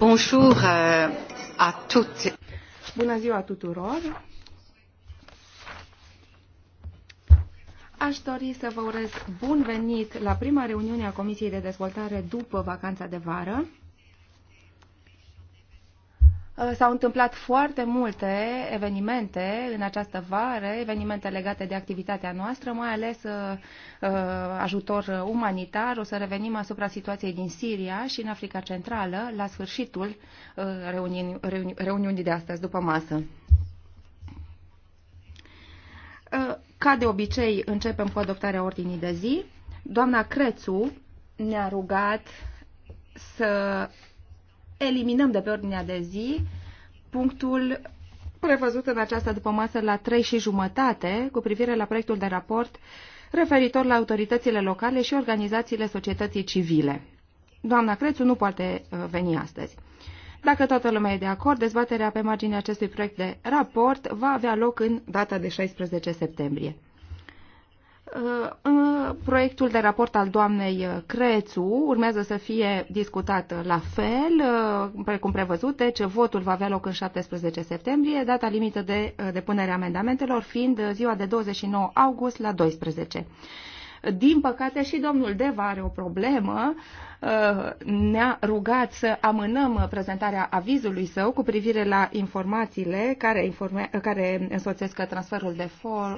Bonjour euh, à toutes. Bună ziua tuturor. Aș dori să vă urez bun venit la prima reuniune a Comisiei de Dezvoltare după vacanța de vară. Uh, s-au întâmplat foarte multe evenimente în această vară, evenimente legate de activitatea noastră, mai ales uh, uh, ajutor umanitar. O să revenim asupra situației din Siria și în Africa Centrală la sfârșitul reuniunii, reuni, reuniunii de astăzi, după masă. Ca de obicei, începem cu adoptarea ordinii de zi. Doamna Crețu ne-a rugat să eliminăm de pe ordinea de zi punctul prevăzut în această masă la 3 și jumătate cu privire la proiectul de raport referitor la autoritățile locale și organizațiile societății civile. Doamna Crețu nu poate uh, veni astăzi. Dacă toată lumea e de acord, dezbaterea pe marginea acestui proiect de raport va avea loc în data de 16 septembrie. Proiectul de raport al doamnei uh, Crețu urmează să fie discutat uh, la fel, uh, precum prevăzut, deci votul va avea loc în 17 septembrie, data limită de depunere a amendamentelor fiind ziua de 29 august la 12. Din păcate și domnul Deva are o problemă. Uh, ne-a rugat să amânăm prezentarea avizului său cu privire la informațiile care, informe, care însoțesc transferul de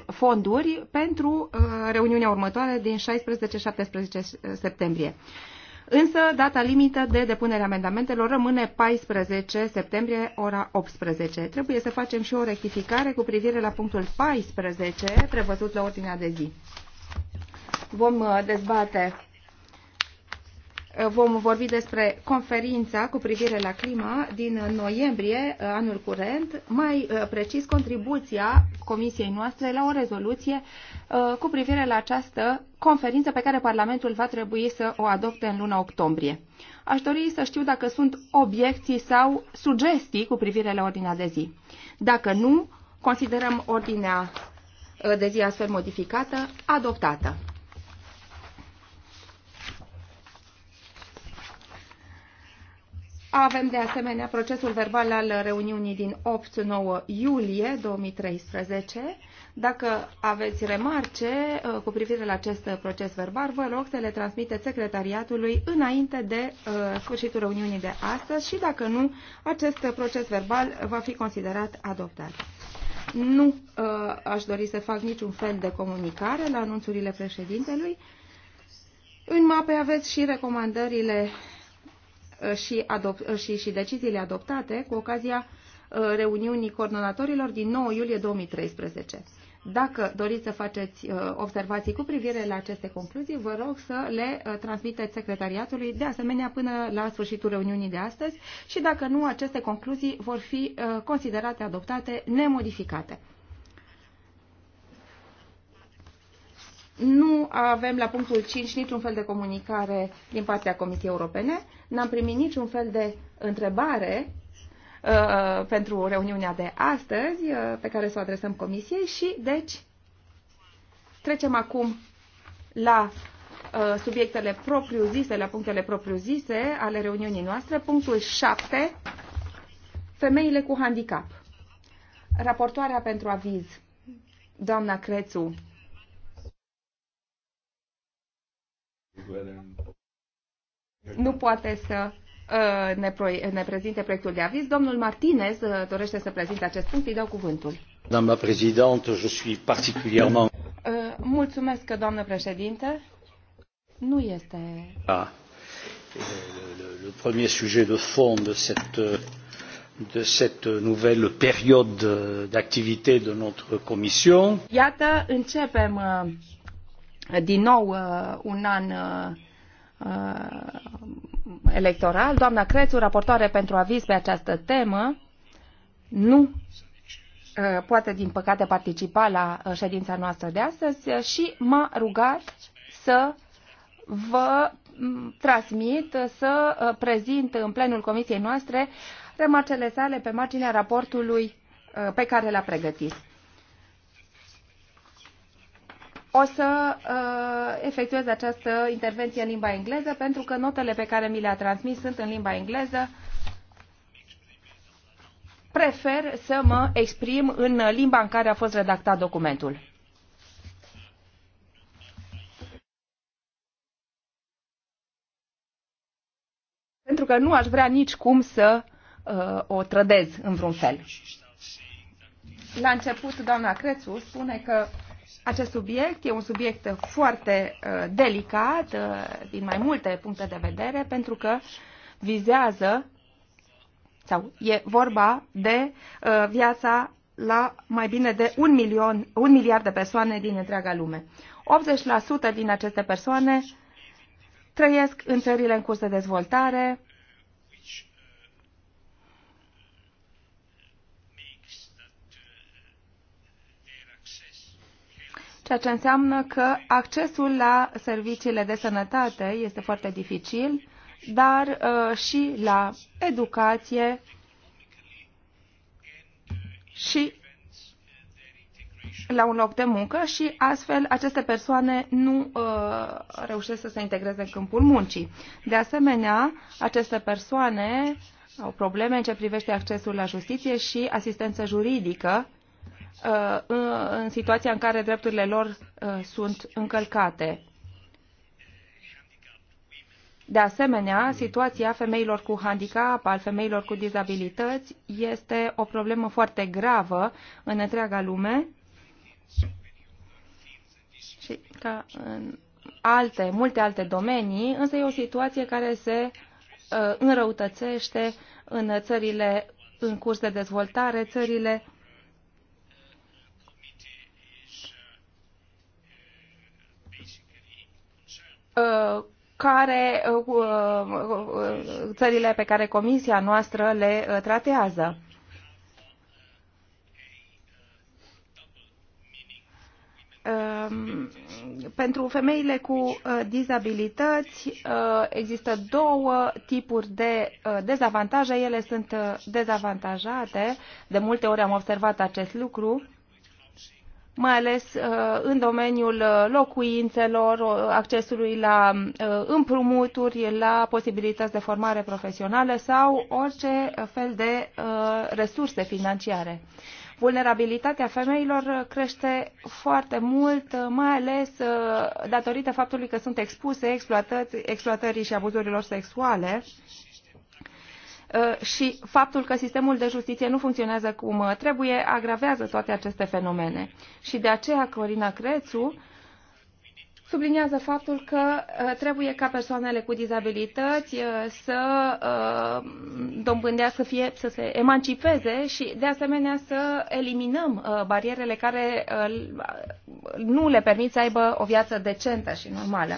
fonduri pentru uh, reuniunea următoare din 16-17 septembrie. Însă, data limită de depunere amendamentelor rămâne 14 septembrie, ora 18. Trebuie să facem și o rectificare cu privire la punctul 14, prevăzut la ordinea de zi vom uh, dezbate, uh, vom vorbi despre conferința cu privire la clima din noiembrie uh, anul curent, mai precis contribuția comisiei noastre la o rezoluție cu privire la această conferință pe care Parlamentul va trebui să o adopte în luna octombrie. Aș dori să știu dacă sunt obiecții sau sugestii cu privire la ordinea de zi. Dacă nu, considerăm ordinea de zi astfel modificată adoptată. Avem de asemenea procesul verbal al reuniunii din 8-9 iulie 2013. Dacă aveți remarce uh, cu privire la acest proces verbal, vă rog să le transmiteți secretariatului înainte de uh, sfârșitul reuniunii de astăzi și dacă nu, acest proces verbal va fi considerat adoptat. Nu uh, aș dori să fac niciun fel de comunicare la anunțurile președintelui. În mape aveți și recomandările și, adop- și, și deciziile adoptate cu ocazia uh, reuniunii coordonatorilor din 9 iulie 2013. Dacă doriți să faceți uh, observații cu privire la aceste concluzii, vă rog să le uh, transmiteți secretariatului, de asemenea până la sfârșitul reuniunii de astăzi și dacă nu, aceste concluzii vor fi considerate adoptate nemodificate. Nu avem la punctul 5 niciun fel de comunicare din partea Comisiei Europene, n-am primit niciun fel de întrebare uh, pentru reuniunea de astăzi uh, pe care să o adresăm Comisiei și deci trecem acum la uh, subiectele propriu-zise, la punctele propriu-zise ale reuniunii noastre. Punctul 7, femeile cu handicap. Raportoarea pentru aviz, doamna Crețu, nu poate să uh, ne, ne prezinte proiectul de aviz. Domnul Martinez uh, dorește să prezinte acest punct. Îi dau cuvântul. Doamna președinte, je suis particulièrement... Uh, mulțumesc, doamnă președinte. Nu este... Ah. le, le premier sujet de fond de cette, de cette nouvelle période d'activité de notre commission. Iată, începem uh, din nou uh, un an uh, uh, electoral. Doamna Crețu, raportoare pentru aviz pe această temă, nu poate, din păcate, participa la ședința noastră de astăzi și m-a rugat să vă mm, transmit, să prezint în plenul comisiei noastre remarcele sale pe marginea raportului pe care l-a pregătit o să uh, efectuez această intervenție în limba engleză pentru că notele pe care mi le-a transmis sunt în limba engleză. Prefer să mă exprim în limba în care a fost redactat documentul. Pentru că nu aș vrea nici cum să uh, o trădez în vreun fel. La început, doamna Crețu spune că acest subiect e un subiect uh, foarte uh, delicat uh, din mai multe puncte de vedere pentru că vizează sau e vorba de uh, viața la mai bine de un, milion, un miliard de persoane din întreaga lume. 80% din aceste persoane trăiesc în țările în curs de dezvoltare, ceea ce înseamnă că accesul la serviciile de sănătate este foarte dificil, dar uh, și la educație și la un loc de muncă și astfel aceste persoane nu uh, reușesc să se integreze în câmpul muncii. De asemenea, aceste persoane au probleme în ce privește accesul la justiție și asistență juridică Uh, în situația în care drepturile lor uh, sunt încălcate. De asemenea, situația femeilor cu handicap, al femeilor cu dizabilități, este o problemă foarte gravă în întreaga lume și ca în alte, multe alte domenii, însă e o situație care se uh, înrăutățește în țările în curs de dezvoltare, țările care uh, țările pe care comisia noastră le uh, tratează. Um, pentru femeile cu uh, dizabilități există două tipuri de dezavantaje. Ele sunt dezavantajate. De multe ori am observat acest lucru mai ales uh, în domeniul uh, locuințelor, uh, accesului la împrumuturi, la posibilități de formare profesională sau orice fel de resurse financiare. Vulnerabilitatea femeilor crește foarte mult, mai ales datorită faptului că sunt expuse exploatării și abuzurilor sexuale Uh, și faptul că sistemul de justiție nu funcționează cum uh, trebuie agravează toate aceste fenomene. Și de aceea Corina Crețu subliniază faptul că uh, trebuie ca persoanele cu dizabilități să dobândească, să, fie, să se emancipeze și de asemenea să eliminăm barierele care nu le permit să aibă o viață decentă și normală.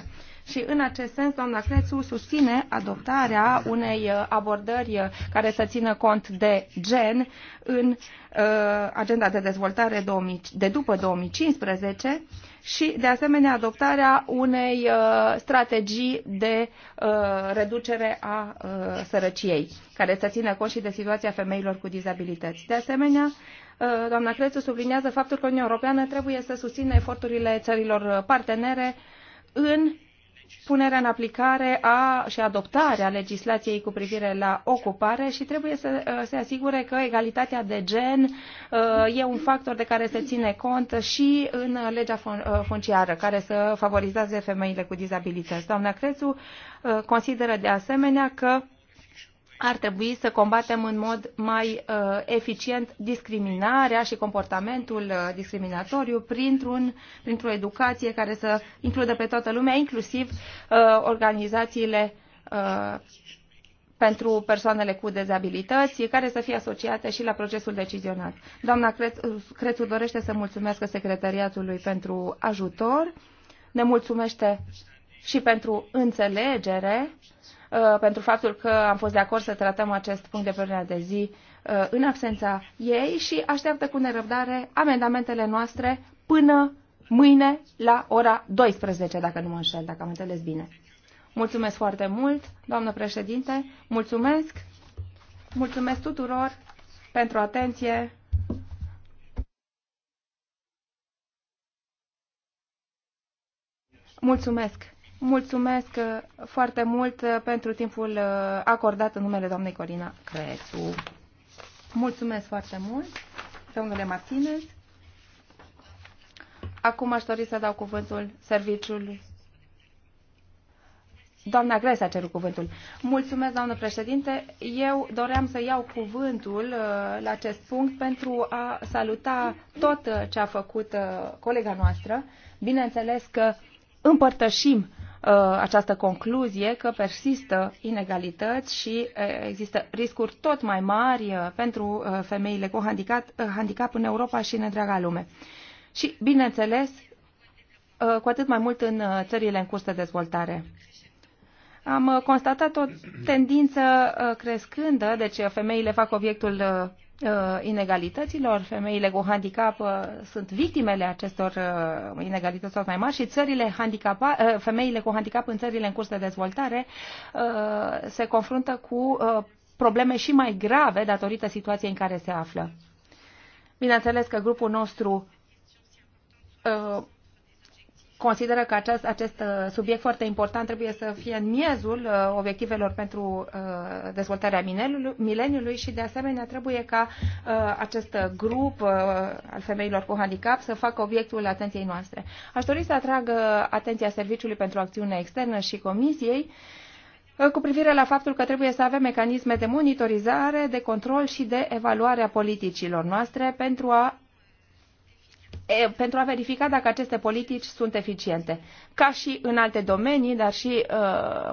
Și în acest sens, doamna Crețu susține adoptarea unei uh, abordări uh, care să țină cont de gen în uh, agenda de dezvoltare 2000, de după 2015 și, de asemenea, adoptarea unei uh, strategii de uh, reducere a uh, sărăciei, care să țină cont și de situația femeilor cu dizabilități. De asemenea, uh, doamna Crețu subliniază faptul că Uniunea Europeană trebuie să susțină eforturile țărilor partenere în punerea în aplicare a, și adoptarea legislației cu privire la ocupare și trebuie să uh, se asigure că egalitatea de gen uh, e un factor de care se ține cont și în legea uh, funciară, care să favorizeze femeile cu dizabilități. Doamna Crețu consideră de asemenea că ar trebui să combatem în mod mai uh, eficient discriminarea și comportamentul uh, discriminatoriu printr-un, printr-o educație care să includă pe toată lumea, inclusiv uh, organizațiile uh, pentru persoanele cu dezabilități, care să fie asociate și la procesul decizional. Doamna Crețu dorește să mulțumesc secretariatului pentru ajutor, ne mulțumește și pentru înțelegere, uh, pentru faptul că am fost de acord să tratăm acest punct de plenare de zi uh, în absența ei și așteaptă cu nerăbdare amendamentele noastre până mâine la ora 12, dacă nu mă înșel, dacă am înțeles bine. Mulțumesc foarte mult, doamnă președinte, mulțumesc, mulțumesc tuturor pentru atenție. Mulțumesc Mulțumesc uh, foarte mult uh, pentru timpul uh, acordat în numele doamnei Corina Crețu. Mulțumesc foarte mult, domnule Martinez. Acum aș dori să dau cuvântul serviciului. Doamna Grese a cerut cuvântul. Mulțumesc, doamnă președinte. Eu doream să iau cuvântul la acest punct pentru a saluta tot ce a făcut colega noastră. Bineînțeles că împărtășim uh, Uh, această concluzie că persistă inegalități și uh, există riscuri tot mai mari uh, pentru femeile cu handicap, handicap în Europa și în întreaga lume. Și, bineînțeles, cu atât mai mult în țările în curs de dezvoltare. Am constatat o tendință crescândă, deci femeile fac obiectul Uh, inegalităților. Femeile cu handicap uh, sunt victimele acestor uh, inegalități tot mai mari și țările handicapa, femeile cu handicap în țările în curs de dezvoltare se confruntă cu probleme și mai grave datorită situației în care se află. Bineînțeles că grupul nostru consideră că acest, acest uh, subiect foarte important trebuie să fie în miezul uh, obiectivelor pentru uh, dezvoltarea mileniului și de asemenea trebuie ca acest grup al femeilor cu handicap să facă obiectul atenției noastre. Aș dori să atrag atenția Serviciului pentru Acțiune Externă și Comisiei cu privire la faptul că trebuie să avem mecanisme de monitorizare, de control și de evaluare a politicilor noastre pentru a pentru a verifica dacă aceste politici sunt eficiente. Ca și în alte domenii, dar și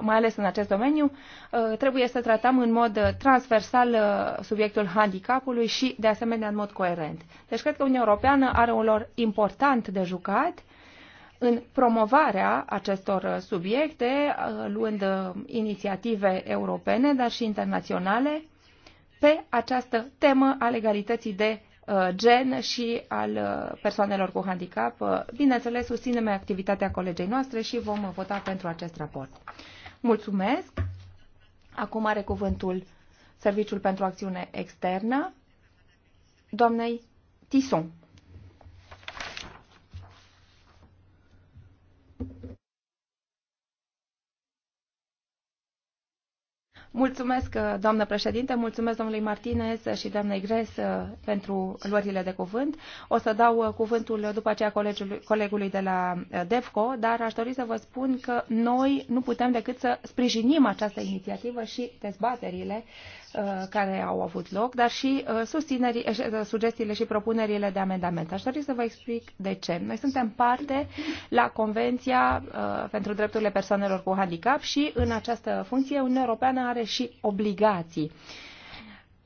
mai ales în acest domeniu, trebuie să tratăm în mod transversal subiectul handicapului și, de asemenea, în mod coerent. Deci cred că Uniunea Europeană are un lor important de jucat în promovarea acestor subiecte, luând inițiative europene, dar și internaționale, pe această temă a legalității de Uh, gen și al uh, persoanelor cu handicap. Uh, bineînțeles, susținem activitatea colegei noastre și vom vota pentru acest raport. Mulțumesc! Acum are cuvântul Serviciul pentru Acțiune Externă, doamnei Tison. Mulțumesc, uh, doamnă președinte, mulțumesc domnului Martinez și doamnei Gres uh, pentru luările de cuvânt. O să dau uh, cuvântul după aceea colegului, colegului de la DEFCO, dar aș dori să vă spun că noi nu putem decât să sprijinim această inițiativă și dezbaterile Uh, care au avut loc, dar și uh, uh, sugestiile și propunerile de amendament. Aș dori să vă explic de ce. Noi suntem parte la Convenția pentru Drepturile Persoanelor cu Handicap și în această funcție Uniunea Europeană are și obligații.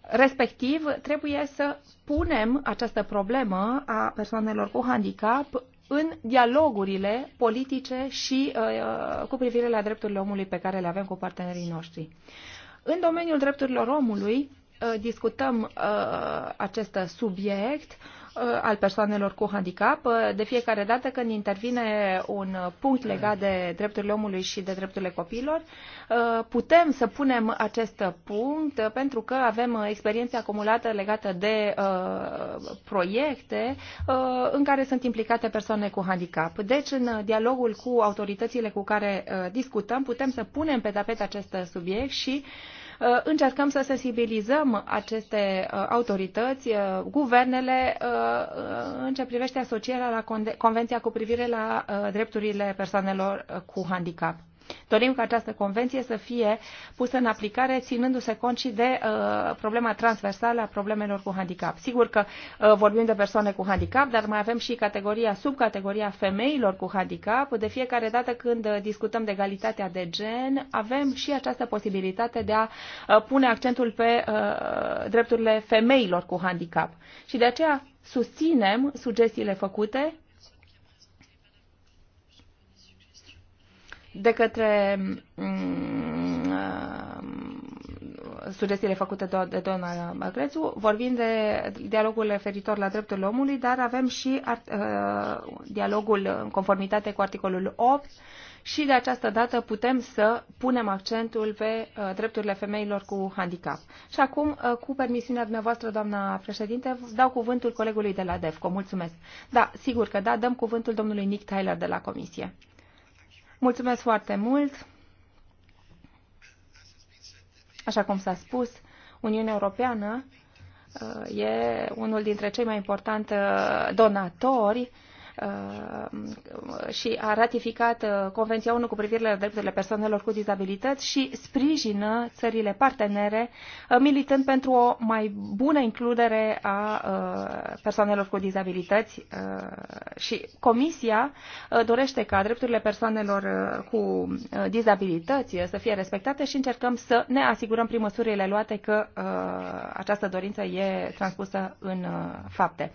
Respectiv, trebuie să punem această problemă a persoanelor cu handicap în dialogurile politice și uh, cu privire la drepturile omului pe care le avem cu partenerii noștri. Uh, în domeniul drepturilor omului uh, discutăm uh, acest subiect Uh, al persoanelor cu handicap. Uh, de fiecare dată când intervine un punct legat de drepturile omului și de drepturile copiilor, uh, putem să punem acest punct pentru că avem experiențe acumulată legată de proiecte în care sunt implicate persoane cu handicap. Deci, în dialogul cu autoritățile cu care discutăm, putem să punem pe tapet acest subiect și uh, Uh, încercăm să sensibilizăm aceste uh, autorități, uh, guvernele, în ce privește asocierea la Convenția cu privire la drepturile persoanelor cu handicap. Dorim ca această convenție să fie pusă în aplicare ținându-se cont și de uh, problema transversală a problemelor cu handicap. Sigur că uh, vorbim de persoane cu handicap, dar mai avem și categoria, subcategoria femeilor cu handicap. De fiecare dată când uh, discutăm de egalitatea de gen, avem și această posibilitate de a uh, pune accentul pe uh, drepturile femeilor cu handicap. Și de aceea susținem sugestiile făcute de către mm, uh, sugestiile făcute de doamna Magrețu, vorbim de dialogul referitor la drepturile omului, dar avem și uh, dialogul în conformitate cu articolul 8 și de această dată putem să punem accentul pe uh, drepturile femeilor cu handicap. Și acum, cu permisiunea dumneavoastră, doamna președinte, dau cuvântul colegului de la DEFCO. Mulțumesc. Da, sigur că da, dăm cuvântul domnului Nick Tyler de la Comisie. Mulțumesc foarte mult! Așa cum s-a spus, Uniunea Europeană uh, e unul dintre cei mai importanti uh, donatori Uh, și a ratificat uh, Convenția 1 cu privire la drepturile persoanelor cu dizabilități și sprijină țările partenere uh, militând pentru o mai bună includere a persoanelor cu dizabilități și Comisia dorește ca drepturile persoanelor cu dizabilități să fie respectate și încercăm să ne asigurăm prin măsurile luate că această dorință e transpusă în fapte.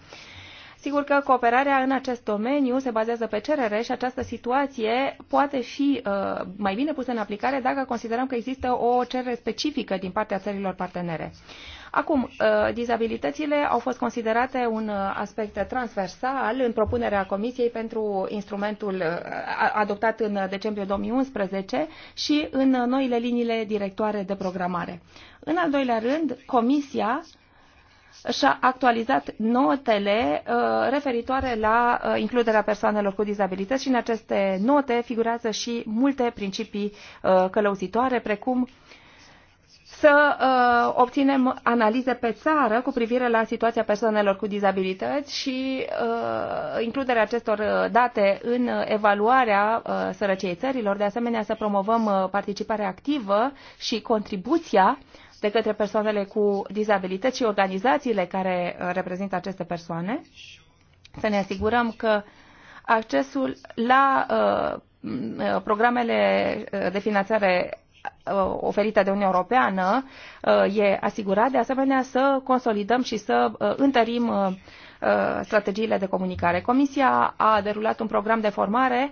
Sigur că cooperarea în acest domeniu se bazează pe cerere și această situație poate fi uh, mai bine pusă în aplicare dacă considerăm că există o cerere specifică din partea țărilor partenere. Acum, uh, dizabilitățile au fost considerate un uh, aspect transversal în propunerea Comisiei pentru instrumentul uh, adoptat în decembrie 2011 și în noile liniile directoare de programare. În al doilea rând, Comisia și-a actualizat notele uh, referitoare la uh, includerea persoanelor cu dizabilități și în aceste note figurează și multe principii uh, călăuzitoare, precum să uh, obținem analize pe țară cu privire la situația persoanelor cu dizabilități și uh, includerea acestor date în evaluarea uh, sărăciei țărilor, de asemenea să promovăm uh, participarea activă și contribuția de către persoanele cu dizabilități și organizațiile care uh, reprezintă aceste persoane, să ne asigurăm că accesul la uh, uh programele uh, de finanțare Uh, oferită de Uniunea Europeană uh, e asigurat, de asemenea să consolidăm și să uh, întărim strategiile de comunicare. Comisia a derulat un program de formare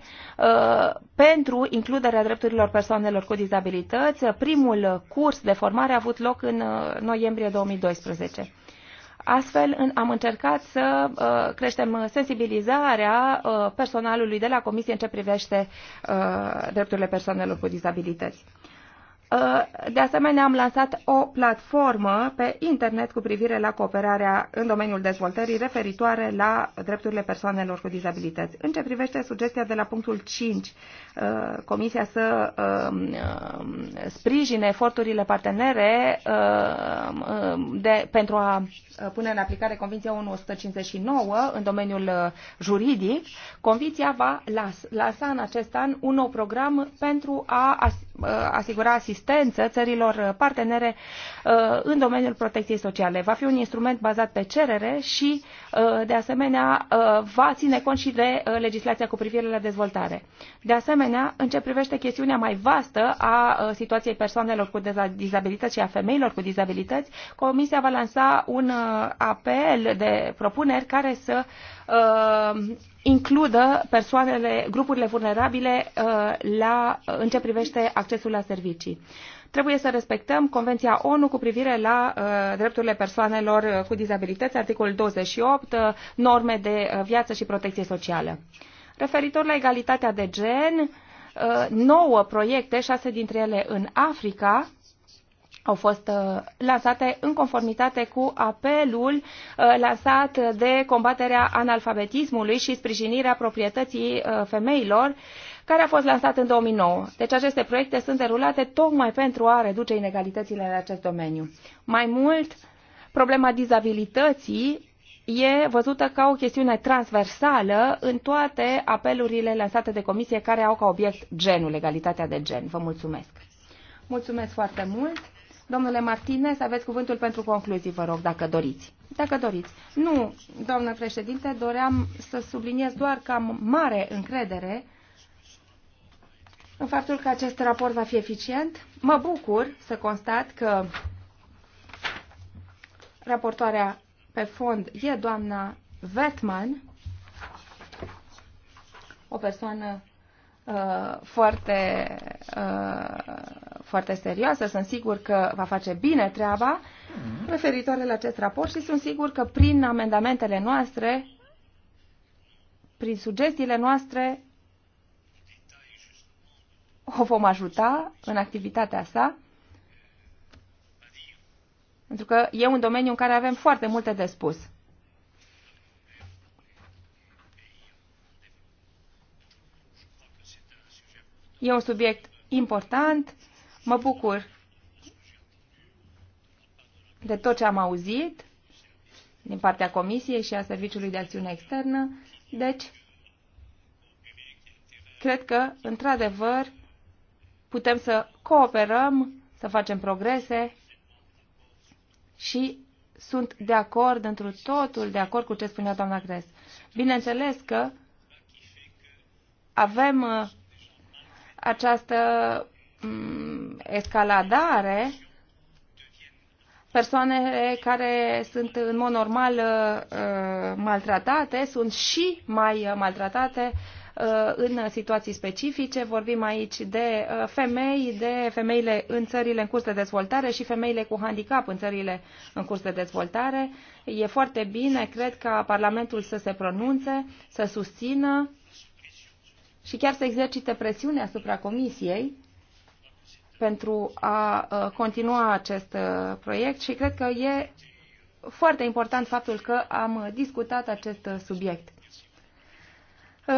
pentru includerea drepturilor persoanelor cu dizabilități. Primul curs de formare a avut loc în noiembrie 2012. Astfel am încercat să creștem sensibilizarea personalului de la Comisie în ce privește drepturile persoanelor cu dizabilități. Uh, de asemenea, am lansat o platformă pe internet cu privire la cooperarea în domeniul dezvoltării referitoare la drepturile persoanelor cu dizabilități. În ce privește sugestia de la punctul 5, uh, Comisia să um, um, sprijine eforturile partenere um, de, pentru a uh, pune în aplicare Convenția 159 în domeniul juridic, Convenția va lansa în acest an un nou program pentru a Uh, asigura asistență țărilor partenere uh, în domeniul protecției sociale. Va fi un instrument bazat pe cerere și, uh, de asemenea, va ține cont și de legislația cu privire la dezvoltare. De asemenea, în ce privește chestiunea mai vastă a situației persoanelor cu dizabilități și a femeilor cu dizabilități, Comisia va lansa un apel de propuneri care să uh, Uh, includă persoanele, grupurile vulnerabile uh, la, în ce privește accesul la servicii. Trebuie să respectăm Convenția ONU cu privire la uh, drepturile persoanelor cu dizabilități, articolul 28, uh, norme de uh, viață și protecție socială. Referitor la egalitatea de gen, uh, nouă proiecte, șase dintre ele în Africa, au fost uh, lansate în conformitate cu apelul uh, lansat de combaterea analfabetismului și sprijinirea proprietății uh, femeilor, care a fost lansat în 2009. Deci aceste proiecte sunt derulate tocmai pentru a reduce inegalitățile în acest domeniu. Mai mult, problema dizabilității e văzută ca o chestiune transversală în toate apelurile lansate de comisie care au ca obiect genul, egalitatea de gen. Vă mulțumesc! Mulțumesc foarte mult! Domnule Martinez, aveți cuvântul pentru concluzii, vă rog, dacă doriți. Dacă doriți. Nu, doamnă președinte, doream să subliniez doar că am mare încredere în faptul că acest raport va fi eficient. Mă bucur să constat că raportoarea pe fond e doamna Vetman, o persoană uh, foarte uh, foarte serioasă, sunt sigur că va face bine treaba mhm. referitoare la acest raport și sunt sigur că prin amendamentele noastre, prin sugestiile noastre, o vom ajuta în activitatea sa, pentru că e un domeniu în care avem foarte multe de spus. E un subiect important Mă bucur de tot ce am auzit din partea Comisiei și a Serviciului de Acțiune Externă. Deci, cred că, într-adevăr, putem să cooperăm, să facem progrese și sunt de acord într totul, de acord cu ce spunea doamna Cres. Bineînțeles că avem uh, această Mm, escaladare persoanele care sunt în mod normal uh, uh, maltratate sunt și mai uh, maltratate în situații specifice. Vorbim aici de femei, de femeile în țările în curs de dezvoltare și femeile cu handicap în țările în curs de dezvoltare. E foarte bine, cred, ca Parlamentul să se pronunțe, să susțină și chiar să exercite presiune asupra Comisiei pentru a uh, continua acest uh, proiect și cred că e foarte important faptul că am discutat acest uh, subiect.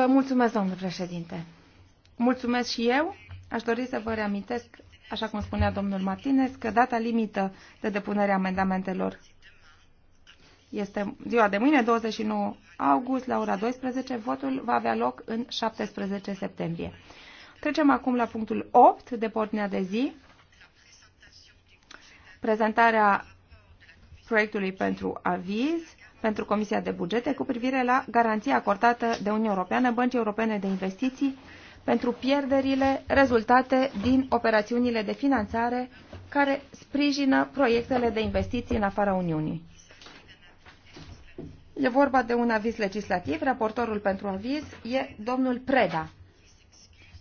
Mulțumesc, domnule președinte. Mulțumesc și eu. Aș dori să vă reamintesc, așa cum spunea domnul Martinez, că data limită de depunere a amendamentelor este ziua de mâine, 29 august, la ora 12. Votul va avea loc în 17 septembrie. Trecem acum la punctul 8 de pornea de zi, prezentarea proiectului pentru aviz pentru Comisia de Bugete cu privire la garanția acordată de Uniunea Europeană Băncii Europene de Investiții pentru pierderile rezultate din operațiunile de finanțare care sprijină proiectele de investiții în afara Uniunii. E vorba de un aviz legislativ. Raportorul pentru aviz e domnul Preda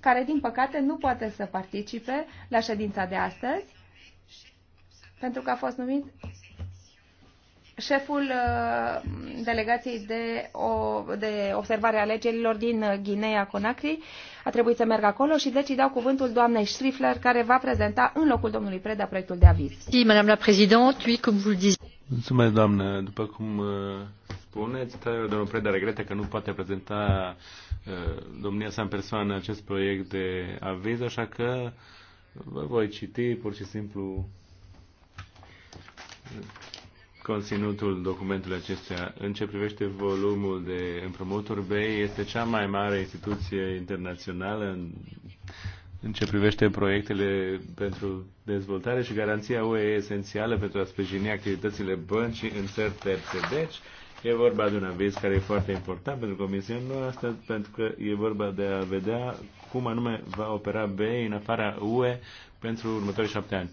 care, din păcate, nu poate să participe la ședința de astăzi, pentru că a fost numit șeful uh, delegației de, o, de observare a alegerilor din Guinea Conakry. A trebuit să meargă acolo și deci îi dau cuvântul doamnei Strifler, care va prezenta în locul domnului Preda proiectul de aviz. Mulțumesc, doamnă. După cum uh, spuneți. Domnul Preda regretă că nu poate prezenta uh, domnia sa în persoană acest proiect de aviz, așa că vă voi citi pur și simplu conținutul documentului acestea. În ce privește volumul de împrumuturi, BEI este cea mai mare instituție internațională în, în ce privește proiectele pentru dezvoltare și garanția UE esențială pentru a sprijini activitățile băncii în țări terțe. Deci, E vorba de un aviz care e foarte important pentru Comisia noastră, pentru că e vorba de a vedea cum anume va opera BE în afara UE pentru următorii șapte ani.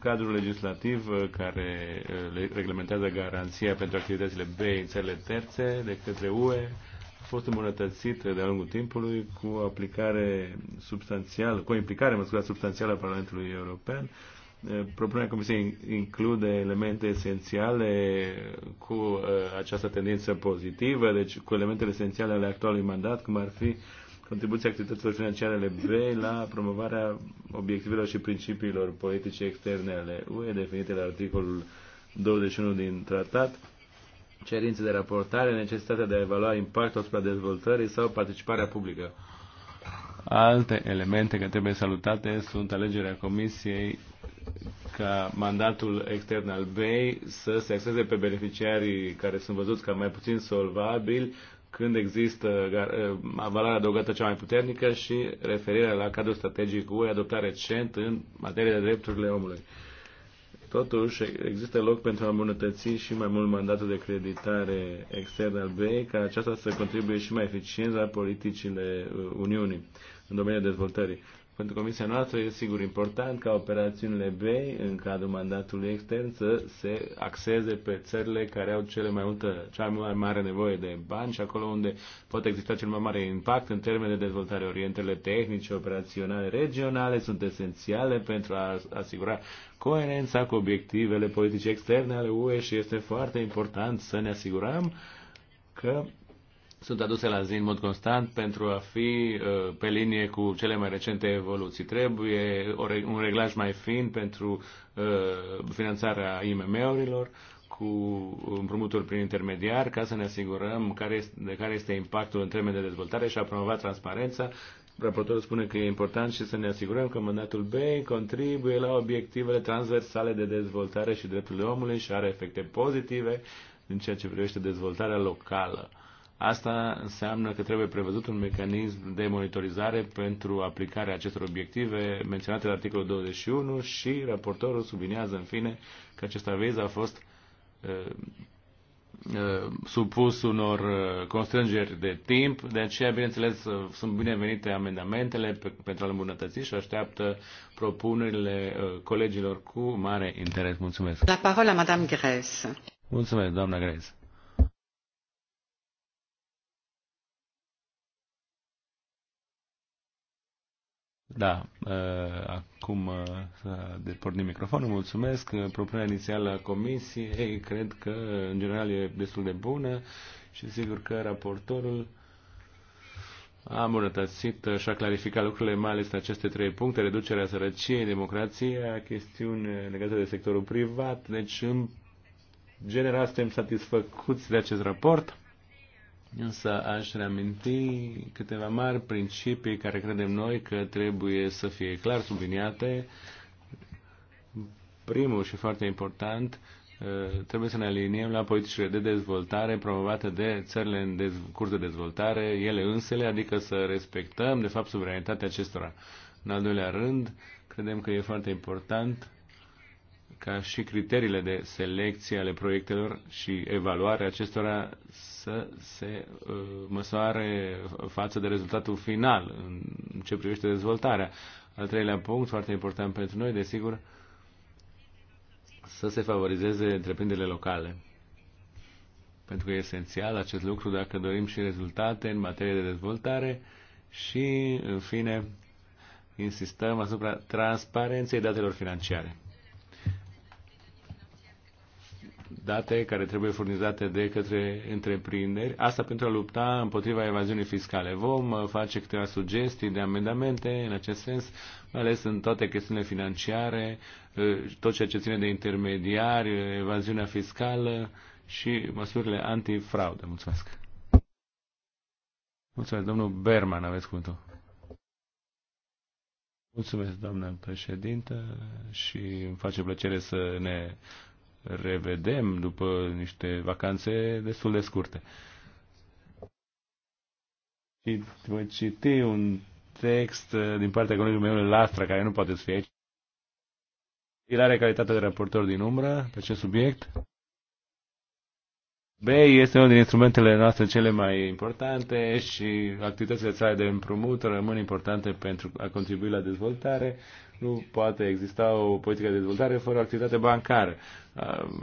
Cadrul legislativ uh, care uh, reglementează garanția pentru activitățile BE în țările terțe de către UE a fost îmbunătățit de-a lungul timpului cu o aplicare substanțială, cu o implicare, mă scuzați, substanțială a Parlamentului European Propunerea Comisiei include elemente esențiale cu uh, această tendință pozitivă, deci cu elementele esențiale ale actualului mandat, cum ar fi contribuția activităților financiare ale B la promovarea obiectivelor și principiilor politice externe ale UE, definite la articolul 21 din tratat, cerințe de raportare, necesitatea de a evalua impactul asupra dezvoltării sau participarea publică. Alte elemente care trebuie salutate sunt alegerea Comisiei ca mandatul extern al BEI să se axeze pe beneficiarii care sunt văzuți ca mai puțin solvabili când există avalarea eh, adăugată cea mai puternică și referirea la cadrul strategic UE adoptat recent în materie de drepturile omului. Totuși, există loc pentru a îmbunătăți și mai mult mandatul de creditare extern al BEI, ca aceasta să contribuie și mai eficient la politicile eh, Uniunii în domeniul dezvoltării. Pentru Comisia noastră e sigur important ca operațiunile BEI în cadrul mandatului extern să se axeze pe țările care au cele mai multă, cea mai mare nevoie de bani și acolo unde poate exista cel mai mare impact în termen de dezvoltare. Orientele tehnice, operaționale, regionale sunt esențiale pentru a asigura coerența cu obiectivele politice externe ale UE și este foarte important să ne asigurăm că sunt aduse la zi în mod constant pentru a fi uh, pe linie cu cele mai recente evoluții. Trebuie un reglaj mai fin pentru uh, finanțarea IMM-urilor cu împrumuturi prin intermediar ca să ne asigurăm care este, de care este impactul în termen de dezvoltare și a promova transparența. Raportorul spune că e important și să ne asigurăm că mandatul B contribuie la obiectivele transversale de dezvoltare și drepturile omului și are efecte pozitive în ceea ce privește dezvoltarea locală Asta înseamnă că trebuie prevăzut un mecanism de monitorizare pentru aplicarea acestor obiective menționate la articolul 21 și raportorul subliniază în fine că acest aviz a fost uh, uh, supus unor uh, constrângeri de timp, de aceea, bineînțeles, uh, sunt binevenite amendamentele pentru a-l îmbunătăți și așteaptă propunerile uh, colegilor cu mare interes. Mulțumesc. La parola, Madame Grez. Mulțumesc, doamna Grez. Da, uh, acum uh, să depornim microfonul. Mulțumesc. Uh, propunerea inițială a comisiei cred că în general e destul de bună și sigur că raportorul a îmbunătățit și a clarificat lucrurile, mai ales în aceste trei puncte, reducerea sărăciei, democrația, chestiuni legate de sectorul privat. Deci, în general, suntem satisfăcuți de acest raport Însă aș reaminti câteva mari principii care credem noi că trebuie să fie clar subliniate. Primul și foarte important, uh, trebuie să ne aliniem la politicile de dezvoltare promovate de țările în dez- curs de dezvoltare, ele însele, adică să respectăm, de fapt, suveranitatea acestora. În al doilea rând, credem că e foarte important ca și criteriile de selecție ale proiectelor și evaluare acestora să se uh, măsoare față de rezultatul final în ce privește dezvoltarea. Al treilea punct, foarte important pentru noi, desigur, să se favorizeze întreprinderile locale. Pentru că e esențial acest lucru dacă dorim și rezultate în materie de dezvoltare și, în fine, insistăm asupra transparenței datelor financiare. date care trebuie furnizate de către întreprinderi, asta pentru a lupta împotriva evaziunii fiscale. Vom uh, face câteva sugestii de amendamente în acest sens, mai ales în toate chestiunile financiare, uh, tot ceea ce ține de intermediari, uh, evaziunea fiscală și măsurile antifraudă. Mulțumesc! Mulțumesc, domnul Berman, aveți cuvântul. Mulțumesc, doamnă președintă, și îmi face plăcere să ne revedem după niște vacanțe destul de scurte. Și voi citi un text din partea colegului meu, Lastra, care nu poate fie aici. El are calitatea de raportor din umbră pe acest subiect. B este unul din instrumentele noastre cele mai importante și activitățile sale de împrumut rămân importante pentru a contribui la dezvoltare. Nu poate exista o politică de dezvoltare fără o activitate bancară.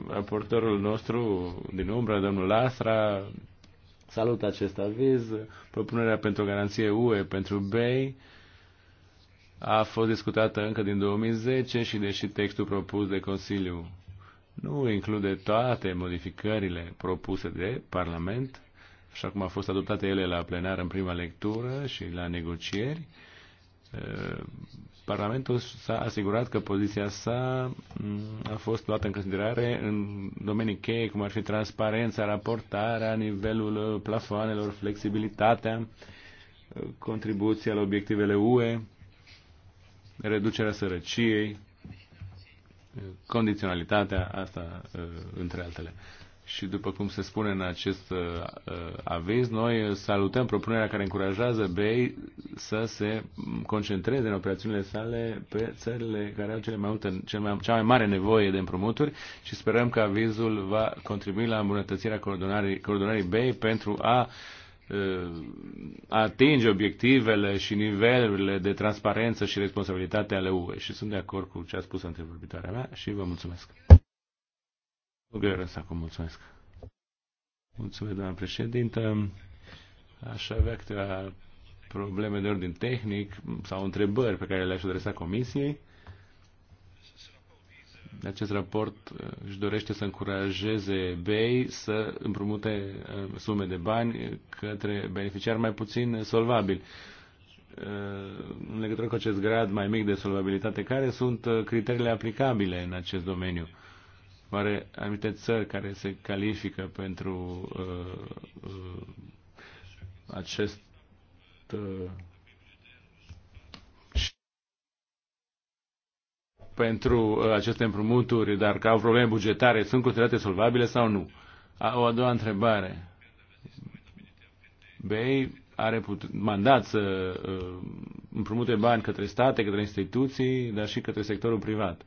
Raportorul nostru din umbră, domnul Lastra, salut acest aviz. Propunerea pentru garanție UE pentru BEI a fost discutată încă din 2010 și deși textul propus de Consiliu nu include toate modificările propuse de Parlament, așa cum au fost adoptate ele la plenar în prima lectură și la negocieri, Parlamentul s-a asigurat că poziția sa mm, a fost luată în considerare în domenii cheie, cum ar fi transparența, raportarea, nivelul uh, plafoanelor, flexibilitatea, uh, contribuția la obiectivele UE, reducerea sărăciei, uh, condiționalitatea, asta între altele și după cum se spune în acest uh, uh aviz, noi salutăm propunerea care încurajează BEI să se concentreze în operațiunile sale pe țările care au cele mai multe, cele mai, cea mai mare nevoie de împrumuturi și sperăm că avizul va contribui la îmbunătățirea coordonării, coordonării BEI pentru a uh, atinge obiectivele și nivelurile de transparență și responsabilitate ale UE. Și sunt de acord cu ce a spus antevorbitoarea mea și vă mulțumesc. Gărăs, acum mulțumesc. Mulțumesc, doamnă președintă. Aș avea câteva probleme de ordin tehnic sau întrebări pe care le-aș adresa Comisiei. Acest raport uh, își dorește să încurajeze BEI să împrumute uh, sume de bani către beneficiari mai puțin solvabili. Uh, în legătură cu acest grad mai mic de solvabilitate, care sunt criteriile aplicabile în acest domeniu? Oare anumite țări care se califică pentru uh, uh, acest uh, pentru uh, aceste împrumuturi, dar că au probleme bugetare, sunt considerate solvabile sau nu? A, o a doua întrebare. BEI are put- mandat să uh, împrumute bani către state, către instituții, dar și către sectorul privat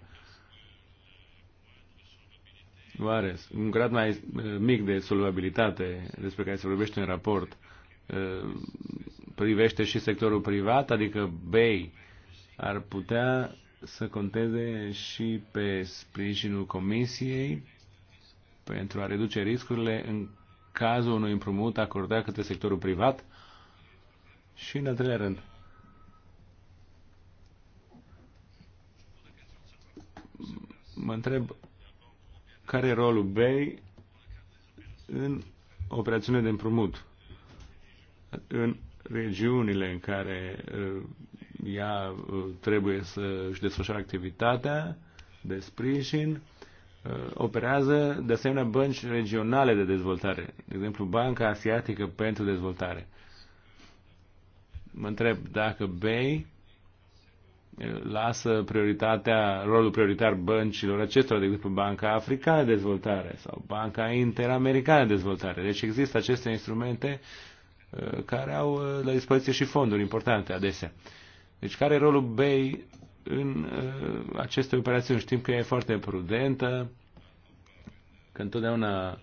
oare un grad mai uh, mic de solvabilitate despre care se vorbește în raport uh, privește și sectorul privat, adică BEI ar putea să conteze și pe sprijinul Comisiei pentru a reduce riscurile în cazul unui împrumut acordat către sectorul privat și în al treilea rând. Mă întreb care e rolul BEI în operațiune de împrumut în regiunile în care uh, ea uh, trebuie să își desfășoare activitatea de sprijin, uh, operează de asemenea bănci regionale de dezvoltare, de exemplu Banca Asiatică pentru Dezvoltare. Mă întreb dacă BEI lasă prioritatea, rolul prioritar băncilor acestora, de exemplu Banca Africană de Dezvoltare sau Banca Interamericană de Dezvoltare. Deci există aceste instrumente uh, care au uh, la dispoziție și fonduri importante adesea. Deci care e rolul BEI în uh, aceste operațiuni? Știm că e foarte prudentă, că întotdeauna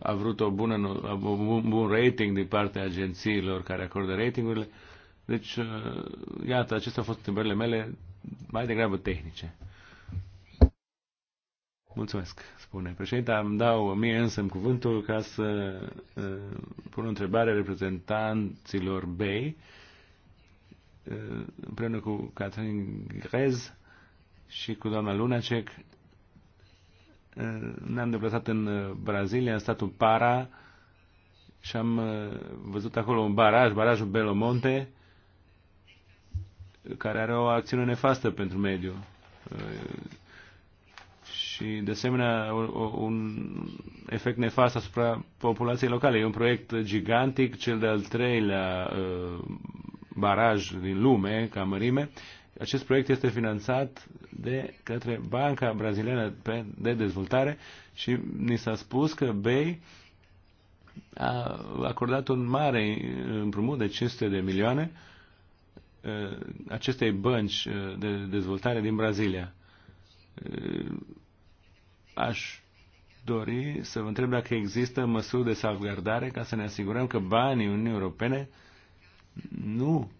a vrut o bună, un bun rating din partea agențiilor care acordă ratingurile. Deci, uh, iată, acestea au fost întrebările mele mai degrabă tehnice. Mulțumesc, spune președinte. Îmi dau mie însă cuvântul ca să uh, pun o întrebare reprezentanților BEI uh, împreună cu Catherine Grez și cu doamna Lunacek. Uh, ne-am deplasat în uh, Brazilia, în statul Para și am uh, văzut acolo un baraj, barajul Belomonte care are o acțiune nefastă pentru mediu. Și, de asemenea, un efect nefast asupra populației locale. E un proiect gigantic, cel de-al treilea uh, baraj din lume, ca mărime. Acest proiect este finanțat de către Banca Braziliană de Dezvoltare și ni s-a spus că BEI a acordat un mare împrumut de 500 de milioane uh, Uh, acestei bănci uh, de dezvoltare din Brazilia. Uh, aș dori să vă întreb dacă există măsuri de salvgardare ca să ne asigurăm că banii Uniunii Europene nu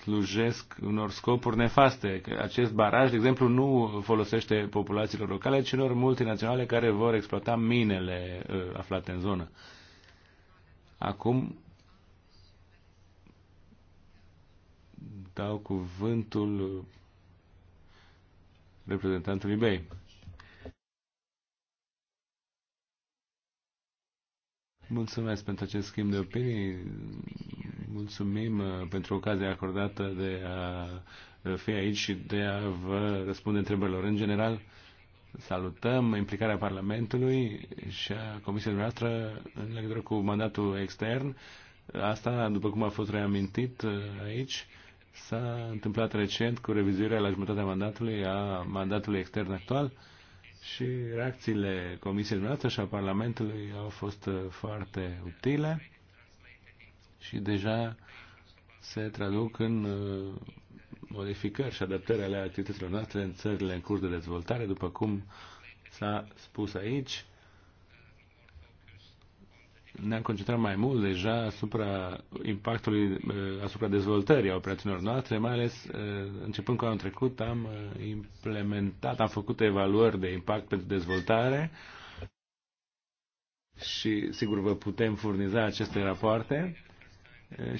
slujesc unor scopuri nefaste. Că acest baraj, de exemplu, nu folosește populațiilor locale, ci unor multinaționale care vor exploata minele aflate în zonă. Acum, dau cuvântul reprezentantului BEI. Mulțumesc pentru acest schimb de opinii. Mulțumim uh, pentru ocazia acordată de a uh, fi aici și de a vă răspunde întrebărilor. În general, salutăm implicarea Parlamentului și a Comisiei noastră în legătură cu mandatul extern. Asta, după cum a fost reamintit uh, aici, S-a întâmplat recent cu revizuirea la jumătatea mandatului a mandatului extern actual și reacțiile Comisiei noastre și a Parlamentului au fost uh, foarte utile și deja se traduc în uh, modificări și adaptări ale activităților noastre în țările în curs de dezvoltare, după cum s-a spus aici ne-am concentrat mai mult deja asupra impactului, eh, asupra dezvoltării a operațiunilor noastre, mai ales eh, începând cu anul trecut am eh, implementat, am făcut evaluări de impact pentru dezvoltare și sigur vă putem furniza aceste rapoarte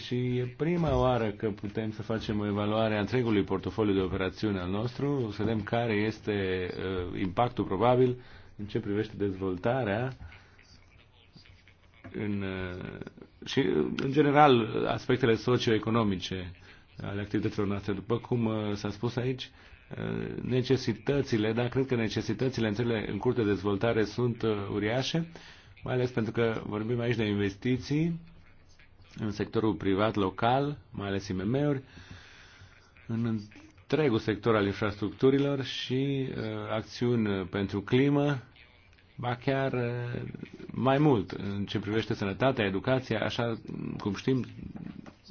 și e prima oară că putem să facem o evaluare a întregului portofoliu de operațiune al nostru, să vedem care este impactul probabil în ce privește dezvoltarea în, uh, și, uh, în general, aspectele socioeconomice ale activităților noastre. După cum uh, s-a spus aici, necesitățile, dar cred că necesitățile în țările în curte de dezvoltare sunt uriașe, mai ales pentru că vorbim aici de investiții în sectorul privat local, mai ales IMM-uri, în întregul sector al infrastructurilor și uh, acțiuni pentru climă, ba chiar uh, mai mult în ce privește sănătatea, educația, așa cum știm,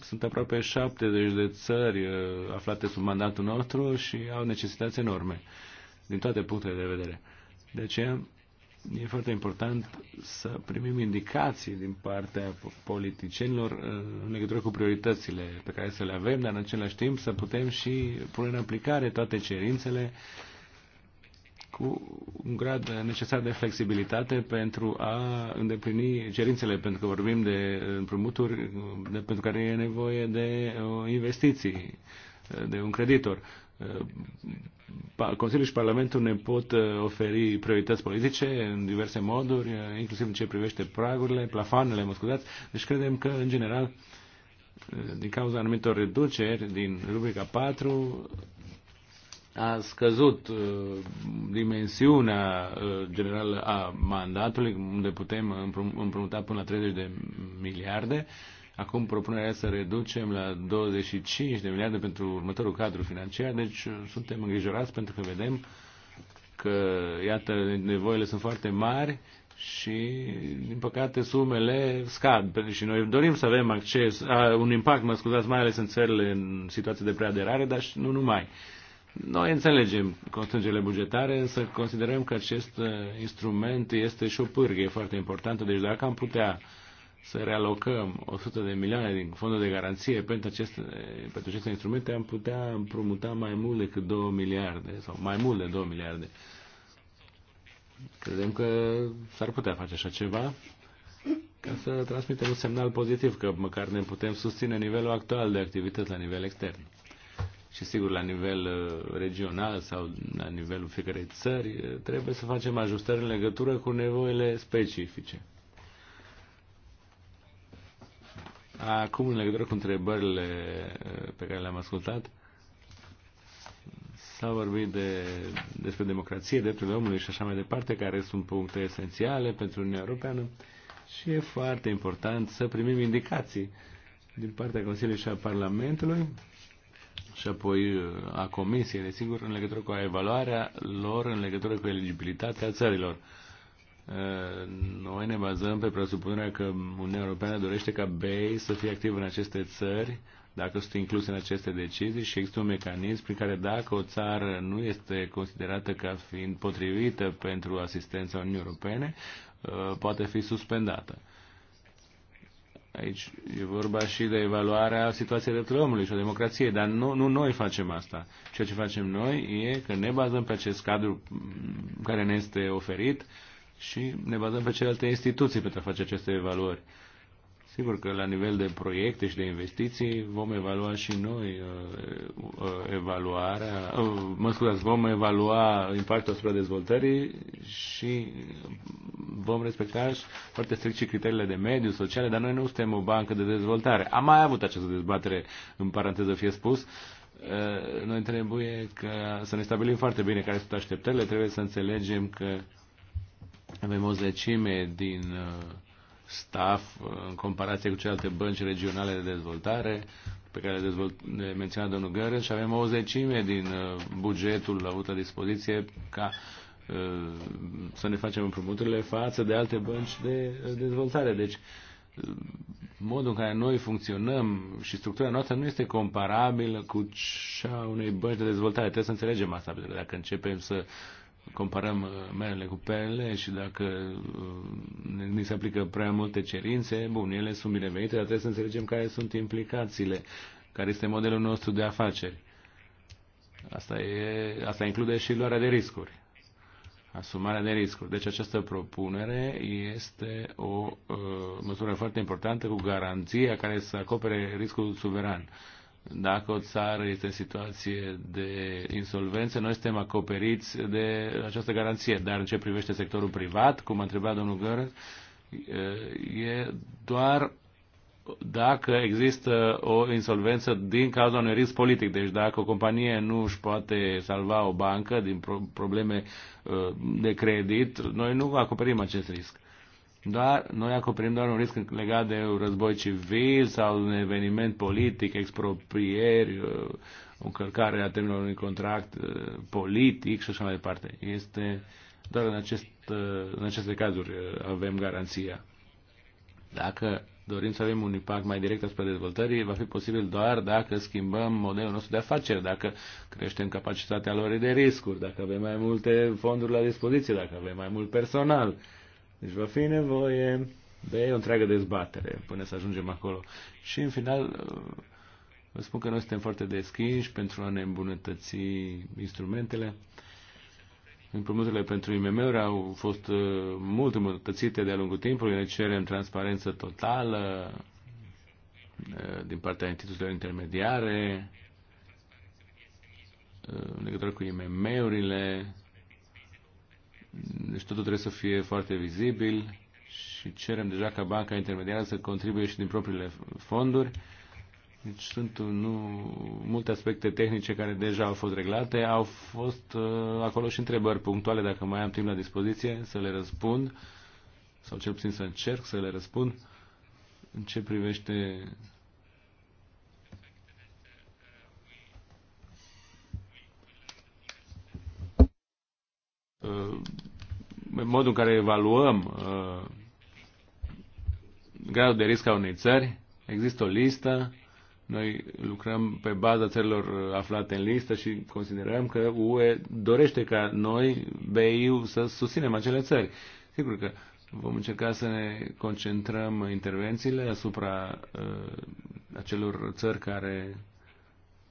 sunt aproape 70 de țări uh, aflate sub mandatul nostru și au necesități enorme din toate punctele de vedere. De aceea e foarte important să primim indicații din partea politicienilor uh, în legătură cu prioritățile pe care să le avem, dar în același timp să putem și pune în aplicare toate cerințele uh, cu un grad necesar de flexibilitate pentru a îndeplini cerințele, pentru că vorbim de împrumuturi de, pentru care e nevoie de uh, investiții, uh, de un creditor. Uh, Consiliul și Parlamentul ne pot oferi priorități politice în diverse moduri, inclusiv în ce privește pragurile, plafanele, mă scuzați. Deci credem că, în general, din cauza anumitor reduceri din rubrica 4, a scăzut uh, dimensiunea uh, generală a mandatului, unde putem împrumuta până la 30 de miliarde. Acum propunerea să reducem la 25 de miliarde pentru următorul cadru financiar, deci uh, suntem îngrijorați pentru că vedem că, iată, nevoile sunt foarte mari și, din păcate, sumele scad. Și noi dorim să avem acces, a, un impact, mă scuzați, mai ales în țările în situații de preaderare, dar și nu numai. Uh, noi înțelegem constrângerile bugetare, însă considerăm că acest uh, instrument este și o pârghie foarte importantă. Deci dacă am putea să realocăm 100 de milioane din fondul de garanție pentru aceste, uh, pentru aceste instrumente, am putea împrumuta mai mult decât 2 miliarde sau mai mult de 2 miliarde. Credem că s-ar putea face așa ceva ca să transmitem un semnal pozitiv că măcar ne putem susține nivelul actual de activități la nivel extern și sigur la nivel uh, regional sau la nivelul fiecarei țări, uh, trebuie să facem ajustări în legătură cu nevoile specifice. Acum, în legătură cu întrebările uh, pe care le-am ascultat, s-a vorbit de, despre democrație, drepturile omului și așa mai departe, care sunt puncte esențiale pentru Uniunea Europeană și e foarte important să primim indicații din partea Consiliului și a Parlamentului și apoi uh, a comisiei, desigur, în legătură cu evaluarea lor, în legătură cu eligibilitatea țărilor. Uh, noi ne bazăm pe presupunerea că Uniunea Europeană dorește ca BEI să fie activ în aceste țări, dacă sunt incluse în aceste decizii și există un mecanism prin care dacă o țară nu este considerată ca fiind potrivită pentru asistența Uniunii Europene, uh, poate fi suspendată. Aici e vorba și de evaluarea situației drepturilor omului și a democrației, dar nu, nu noi facem asta. Ceea ce facem noi e că ne bazăm pe acest cadru mm, care ne este oferit și ne bazăm pe celelalte instituții pentru a face aceste evaluări. Sigur că la nivel de proiecte și de investiții vom evalua și noi uh, uh, evaluarea, uh, mă scuzați, vom evalua impactul asupra dezvoltării și vom respecta și foarte strict și criteriile de mediu, sociale, dar noi nu suntem o bancă de dezvoltare. Am mai avut această dezbatere, în paranteză fie spus, noi trebuie că să ne stabilim foarte bine care sunt așteptările, trebuie să înțelegem că avem o zecime din uh, staff uh, în comparație cu celelalte bănci regionale de dezvoltare pe care le menționa domnul Gărân și avem o zecime din uh, bugetul avut la dispoziție ca uh, să ne facem împrumuturile față de alte bănci de dezvoltare. Deci, modul în care noi funcționăm și structura noastră nu este comparabilă cu cea unei bănci de dezvoltare. Trebuie să înțelegem asta, pentru că dacă începem să uh, comparăm uh, merele cu perele și dacă uh, ni se aplică prea multe cerințe, bun, ele sunt binevenite, dar trebuie să înțelegem care sunt implicațiile, care este modelul nostru de afaceri. Asta, e, asta include și luarea de riscuri, asumarea de riscuri. Deci această propunere este o uh, măsură foarte importantă cu garanția care să acopere riscul suveran. Uh, dacă o țară este în situație de insolvență, noi suntem acoperiți de această garanție. Dar în ce privește sectorul privat, cum a întrebat domnul Gără, e doar dacă există o insolvență din cauza unui risc politic. Deci dacă o companie nu își poate salva o bancă din probleme uh, de credit, noi nu acoperim acest risc. Doar, noi acoperim doar un risc legat de un război civil sau un eveniment politic, exproprieri, o uh, încălcare a termenului unui contract uh, politic și așa mai departe. Este doar în, acest, uh, în aceste cazuri avem garanția. Dacă dorim să avem un impact mai direct asupra dezvoltării, va fi posibil doar dacă schimbăm modelul nostru de afaceri, dacă creștem capacitatea lor de riscuri, dacă avem mai multe fonduri la dispoziție, dacă avem mai mult personal. Deci va fi nevoie de o întreagă dezbatere până să ajungem acolo. Și în final vă spun că noi suntem foarte deschiși pentru a ne îmbunătăți instrumentele. Împrumuturile pentru IMM-uri au fost uh, mult îmbunătățite de-a lungul timpului. Ne cerem transparență totală uh, din partea instituțiilor intermediare uh, în legătură cu IMM-urile deci totul trebuie să fie foarte vizibil și cerem deja ca banca intermediară să contribuie și din propriile fonduri. Deci sunt nu, multe aspecte tehnice care deja au fost reglate. Au fost uh, acolo și întrebări punctuale, dacă mai am timp la dispoziție, să le răspund, sau cel puțin să încerc să le răspund, în ce privește Uh, modul în care evaluăm uh, gradul de risc a unei țări, există o listă, noi lucrăm pe baza țărilor uh, aflate în listă și considerăm că UE dorește ca noi, BEI, să susținem acele țări. Sigur că vom încerca să ne concentrăm intervențiile asupra uh, acelor țări care,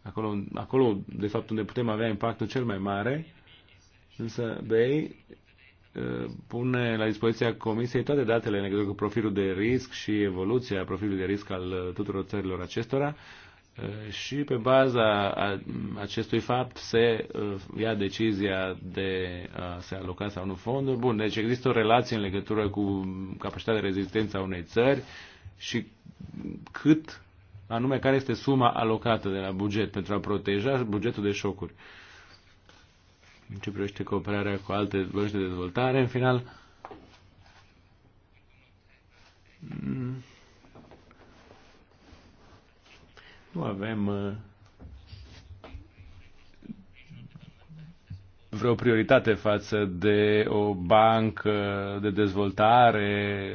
acolo, acolo, de fapt, unde putem avea impactul cel mai mare Însă BEI uh, pune la dispoziția Comisiei toate datele în legătură cu profilul de risc și evoluția profilului de risc al uh, tuturor țărilor acestora uh, și pe baza acestui fapt se ia decizia de a se aloca sau nu fonduri. Bun, deci există o relație în legătură cu capacitatea de rezistență a unei țări și cât anume care este suma alocată de la buget pentru a proteja bugetul de șocuri. Uh, în ce privește cooperarea cu alte bănci de dezvoltare, în final, nu avem uh, vreo prioritate față de o bancă de dezvoltare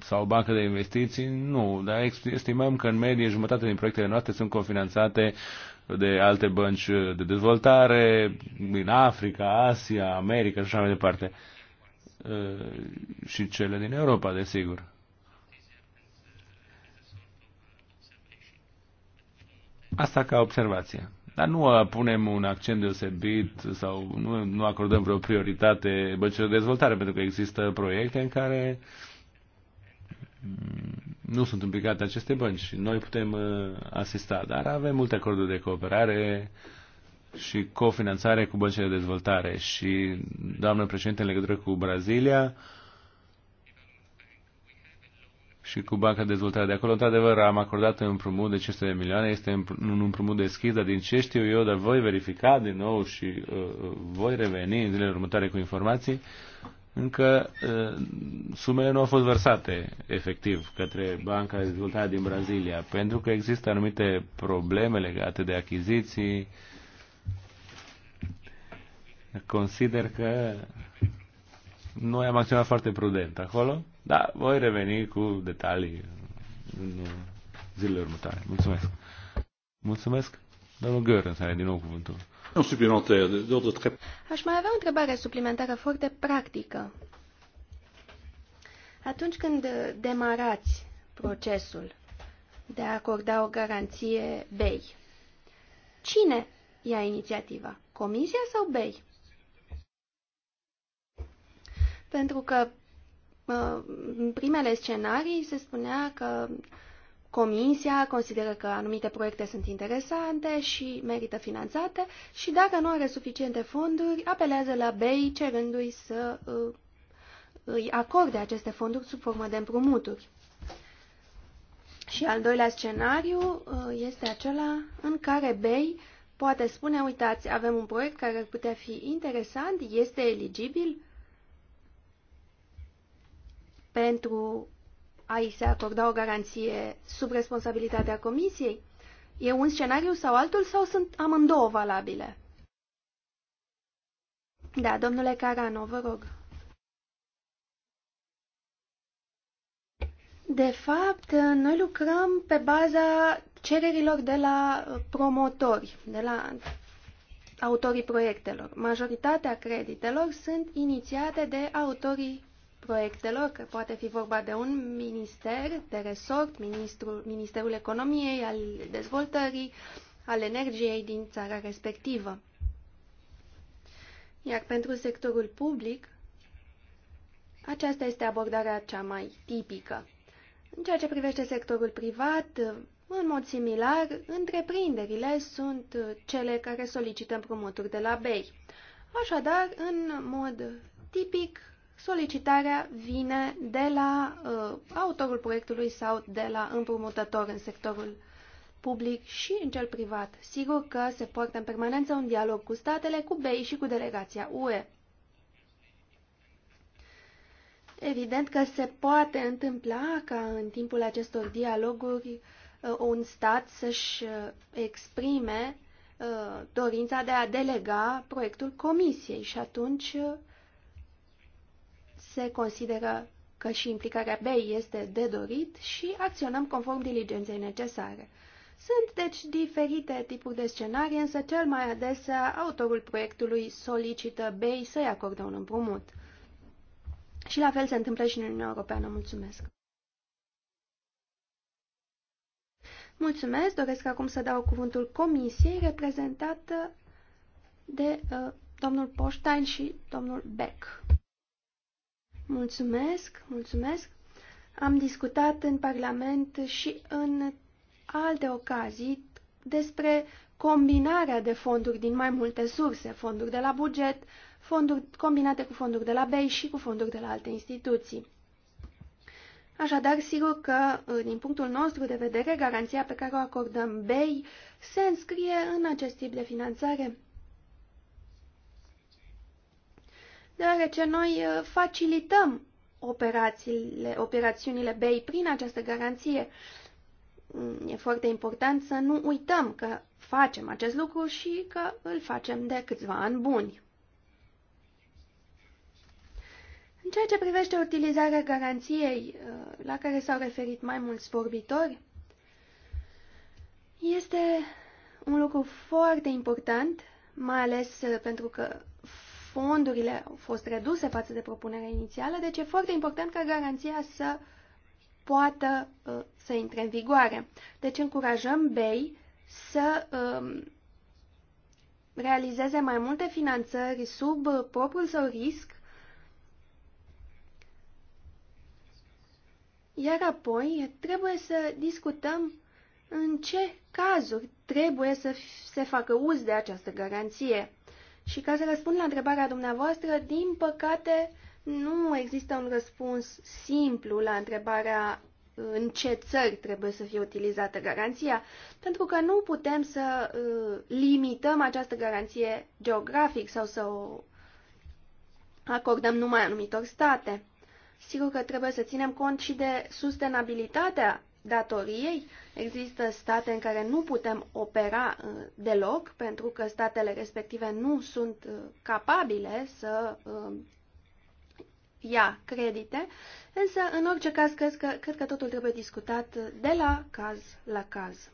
sau o bancă de investiții, nu, dar estimăm că în medie jumătate din proiectele noastre sunt cofinanțate de alte bănci de dezvoltare din Africa, Asia, America și așa mai departe. Uh, și cele din Europa, desigur. Asta ca observație. Dar nu punem un accent deosebit sau nu, nu acordăm vreo prioritate băncilor de dezvoltare, pentru că există proiecte în care uh, Mm, nu sunt implicate aceste bănci și noi putem uh, asista, dar avem multe acorduri de cooperare și cofinanțare cu băncile de dezvoltare și, doamnă președinte, în legătură cu Brazilia și cu Banca de Dezvoltare de acolo, într-adevăr, am acordat un împrumut de 500 de milioane, este un împrumut deschis, dar din ce știu eu, dar voi verifica din nou și uh, uh voi reveni în zilele următoare cu informații, încă ă, sumele nu au fost vărsate efectiv către Banca de Dezvoltare din Brazilia, pentru că există anumite probleme legate de achiziții. Consider că noi am acționat foarte prudent acolo, dar voi reveni cu detalii în zilele următoare. Mulțumesc! Mulțumesc! Domnul Gheorghe, să ai din nou cuvântul. Aș mai avea o întrebare suplimentară foarte practică. Atunci când demarați procesul de a acorda o garanție BEI, cine ia inițiativa? Comisia sau BEI? Pentru că uh, în primele scenarii se spunea că Comisia consideră că anumite proiecte sunt interesante și merită finanțate și dacă nu are suficiente fonduri, apelează la BEI cerându-i să uh, îi acorde aceste fonduri sub formă de împrumuturi. Și al doilea scenariu uh, este acela în care BEI poate spune, uitați, avem un proiect care ar putea fi interesant, este eligibil pentru ai se acorda o garanție sub responsabilitatea comisiei? E un scenariu sau altul sau sunt amândouă valabile? Da, domnule Carano, vă rog. De fapt, noi lucrăm pe baza cererilor de la uh, promotori, de la autorii proiectelor. Majoritatea creditelor sunt inițiate de autorii proiectelor, că poate fi vorba de un minister de resort, ministrul, Ministerul Economiei, al dezvoltării, al energiei din țara respectivă. Iar pentru sectorul public, aceasta este abordarea cea mai tipică. În ceea ce privește sectorul privat, în mod similar, întreprinderile sunt cele care solicită împrumuturi de la BEI. Așadar, în mod tipic, solicitarea vine de la uh, autorul proiectului sau de la împrumutător în sectorul public și în cel privat. Sigur că se poartă în permanență un dialog cu statele, cu BEI și cu delegația UE. Evident că se poate întâmpla ca în timpul acestor dialoguri uh, un stat să-și uh, exprime uh, dorința de a delega proiectul comisiei și atunci se consideră că și implicarea BEI este de dorit și acționăm conform diligenței necesare. Sunt deci diferite tipuri de scenarii, însă cel mai adesea autorul proiectului solicită BEI să-i acorde un împrumut. Și la fel se întâmplă și în Uniunea Europeană. Mulțumesc! Mulțumesc! Doresc acum să dau cuvântul comisiei reprezentată de uh, domnul Poștain și domnul Beck. Mulțumesc, mulțumesc. Am discutat în Parlament și în alte ocazii despre combinarea de fonduri din mai multe surse, fonduri de la buget, fonduri combinate cu fonduri de la BEI și cu fonduri de la alte instituții. Așadar, sigur că, uh, din punctul nostru de vedere, garanția pe care o acordăm BEI se înscrie în acest tip de finanțare. deoarece noi uh, facilităm operațiile, operațiunile BEI prin această garanție. Mm, e foarte important să nu uităm că facem acest lucru și că îl facem de câțiva ani buni. În ceea ce privește utilizarea garanției, uh, la care s-au referit mai mulți vorbitori, este un lucru foarte important, mai ales uh, pentru că fondurile au fost reduse față de propunerea inițială, deci e foarte important ca garanția să poată uh, să intre în vigoare. Deci încurajăm BEI să um, realizeze mai multe finanțări sub uh, propriul său risc, iar apoi trebuie să discutăm în ce cazuri trebuie să se facă uz de această garanție. Și ca să răspund la întrebarea dumneavoastră, din păcate nu există un răspuns simplu la întrebarea în ce țări trebuie să fie utilizată garanția, pentru că nu putem să uh, limităm această garanție geografic sau să o acordăm numai anumitor state. Sigur că trebuie să ținem cont și de sustenabilitatea datoriei. Există state în care nu putem opera uh, deloc pentru că statele respective nu sunt uh, capabile să uh, ia credite, însă în orice caz cred că, cred că totul trebuie discutat de la caz la caz.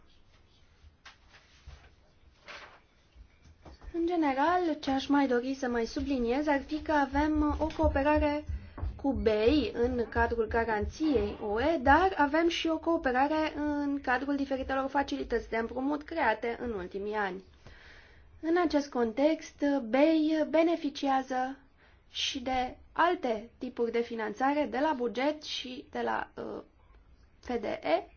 În general, ce aș mai dori să mai subliniez ar fi că avem o cooperare cu BEI în cadrul garanției UE, dar avem și o cooperare în cadrul diferitelor facilități de împrumut create în ultimii ani. În acest context, BEI beneficiază și de alte tipuri de finanțare de la buget și de la uh, FDE,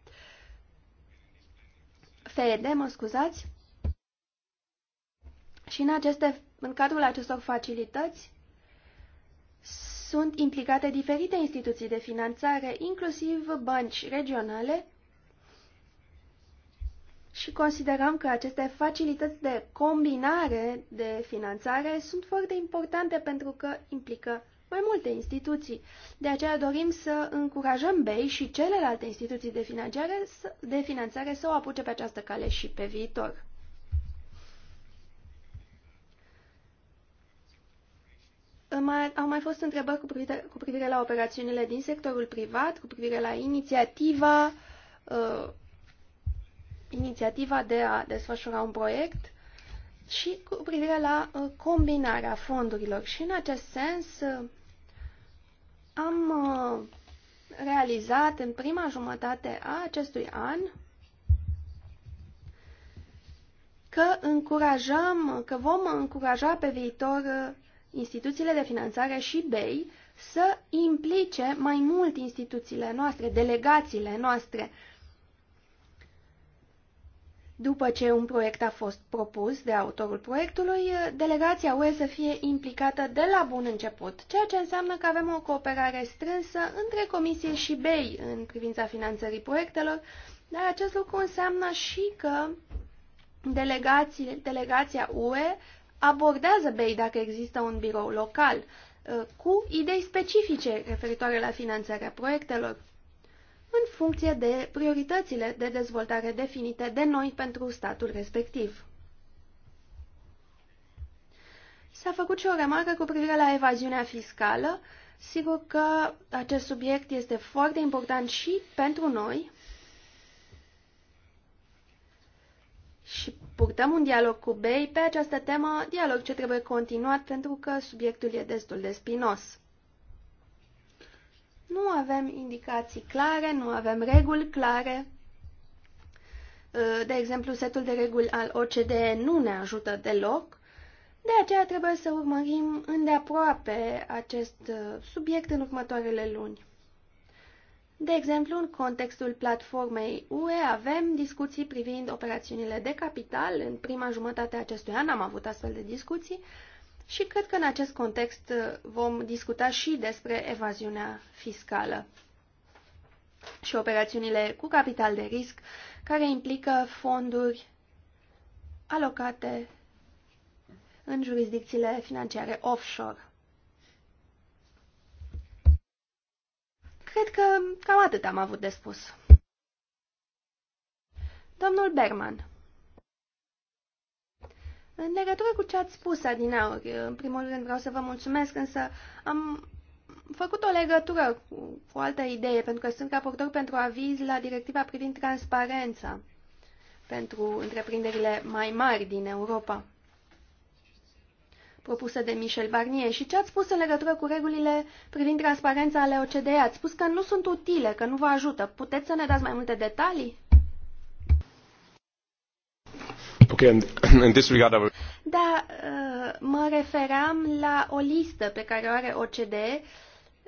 FED, mă scuzați, și în, aceste, în cadrul acestor facilități sunt implicate diferite instituții de finanțare, inclusiv bănci regionale, și considerăm că aceste facilități de combinare de finanțare sunt foarte importante pentru că implică mai multe instituții. De aceea dorim să încurajăm BEI și celelalte instituții de finanțare, de finanțare să o apuce pe această cale și pe viitor. mai, au mai fost întrebări cu privire, cu privire la operațiunile din sectorul privat, cu privire la inițiativa, uh, inițiativa de a desfășura un proiect și cu privire la uh, combinarea fondurilor. Și în acest sens uh, am uh, realizat în prima jumătate a acestui an că încurajăm, că vom încuraja pe viitor uh, instituțiile de finanțare și BEI să implice mai mult instituțiile noastre, delegațiile noastre. După ce un proiect a fost propus de autorul proiectului, delegația UE să fie implicată de la bun început, ceea ce înseamnă că avem o cooperare strânsă între Comisie și BEI în privința finanțării proiectelor, dar acest lucru înseamnă și că delegația UE abordează BEI dacă există un birou local, uh, cu idei specifice referitoare la finanțarea proiectelor, în funcție de prioritățile de dezvoltare definite de noi pentru statul respectiv. S-a făcut și o remarcă cu privire la evaziunea fiscală. Sigur că acest subiect este foarte important și pentru noi, și purtăm un dialog cu BEI pe această temă, dialog ce trebuie continuat pentru că subiectul e destul de spinos. Nu avem indicații clare, nu avem reguli clare. Ă, de exemplu, setul de reguli al OCDE nu ne ajută deloc, de aceea trebuie să urmărim îndeaproape acest ă, subiect în următoarele luni. De exemplu, în contextul platformei UE avem discuții privind operațiunile de capital. În prima jumătate a acestui an am avut astfel de discuții și cred că în acest context vom discuta și despre evaziunea fiscală și operațiunile cu capital de risc care implică fonduri alocate în jurisdicțiile financiare offshore. Cred că cam atât am avut de spus. Domnul Berman. În legătură cu ce ați spus, Adinauri, în primul rând vreau să vă mulțumesc, însă am făcut o legătură cu, cu o altă idee, pentru că sunt raportor pentru aviz la directiva privind transparența pentru întreprinderile mai mari din Europa propusă de Michel Barnier și ce ați spus în legătură cu regulile privind transparența ale OCDE? Ați spus că nu sunt utile, că nu vă ajută. Puteți să ne dați mai multe detalii? Okay, and, and this regard will... Da, uh, mă refeream la o listă pe care o are OCDE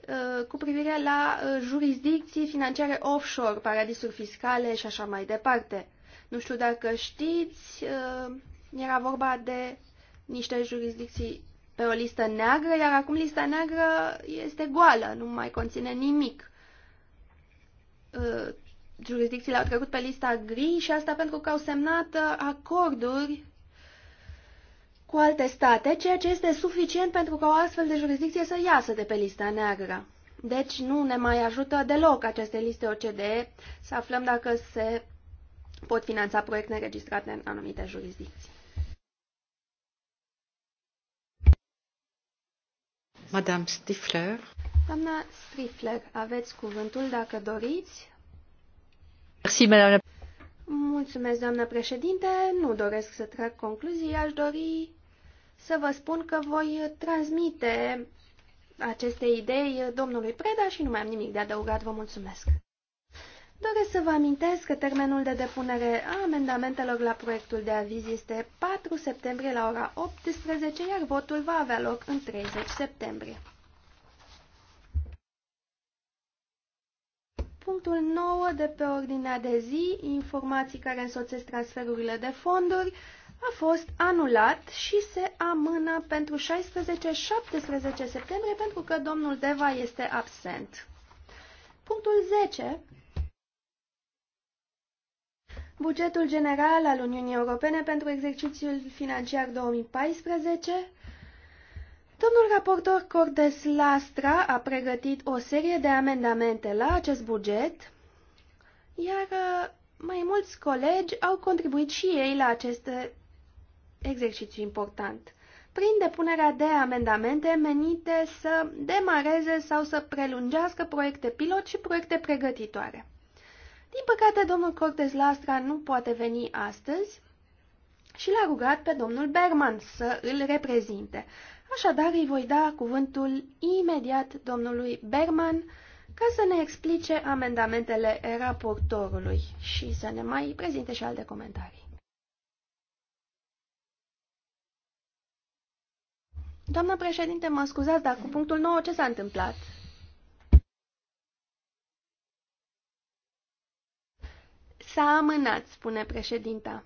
uh, cu privire la uh, jurisdicții financiare offshore, paradisuri fiscale și așa mai departe. Nu știu dacă știți, era vorba de niște jurisdicții pe o listă neagră, iar acum lista neagră este goală, nu mai conține nimic. Uh, jurisdicțiile au trecut pe lista gri și asta pentru că au semnat uh, acorduri cu alte state, ceea ce este suficient pentru ca o astfel de jurisdicție să iasă de pe lista neagră. Deci nu ne mai ajută deloc aceste liste OCDE să aflăm dacă se pot finanța proiecte înregistrate în anumite jurisdicții. Madame Stifler. Doamna Strifler, aveți cuvântul dacă doriți. Merci, madame. Mulțumesc, doamnă președinte. Nu doresc să trag concluzii. Aș dori să vă spun că voi transmite aceste idei domnului Preda și nu mai am nimic de adăugat. Vă mulțumesc. Doresc să vă amintesc că termenul de depunere a amendamentelor la proiectul de aviz este 4 septembrie la ora 18, iar votul va avea loc în 30 septembrie. Punctul 9 de pe ordinea de zi, informații care însoțesc transferurile de fonduri, a fost anulat și se amână pentru 16-17 septembrie pentru că domnul Deva este absent. Punctul 10 Bugetul general al Uniunii Europene pentru exercițiul financiar 2014. Domnul raportor Cordes Lastra a pregătit o serie de amendamente la acest buget, iar uh, mai mulți colegi au contribuit și ei la acest uh, exercițiu important, prin depunerea de amendamente menite să demareze sau să prelungească proiecte pilot și proiecte pregătitoare. Din păcate, domnul Cortez Lastra nu poate veni astăzi și l-a rugat pe domnul Berman să îl reprezinte. Așadar, îi voi da cuvântul imediat domnului Berman ca să ne explice amendamentele raportorului și să ne mai prezinte și alte comentarii. Doamnă președinte, mă scuzați, dar cu punctul 9 ce s-a întâmplat? S-a amânat, spune președinta.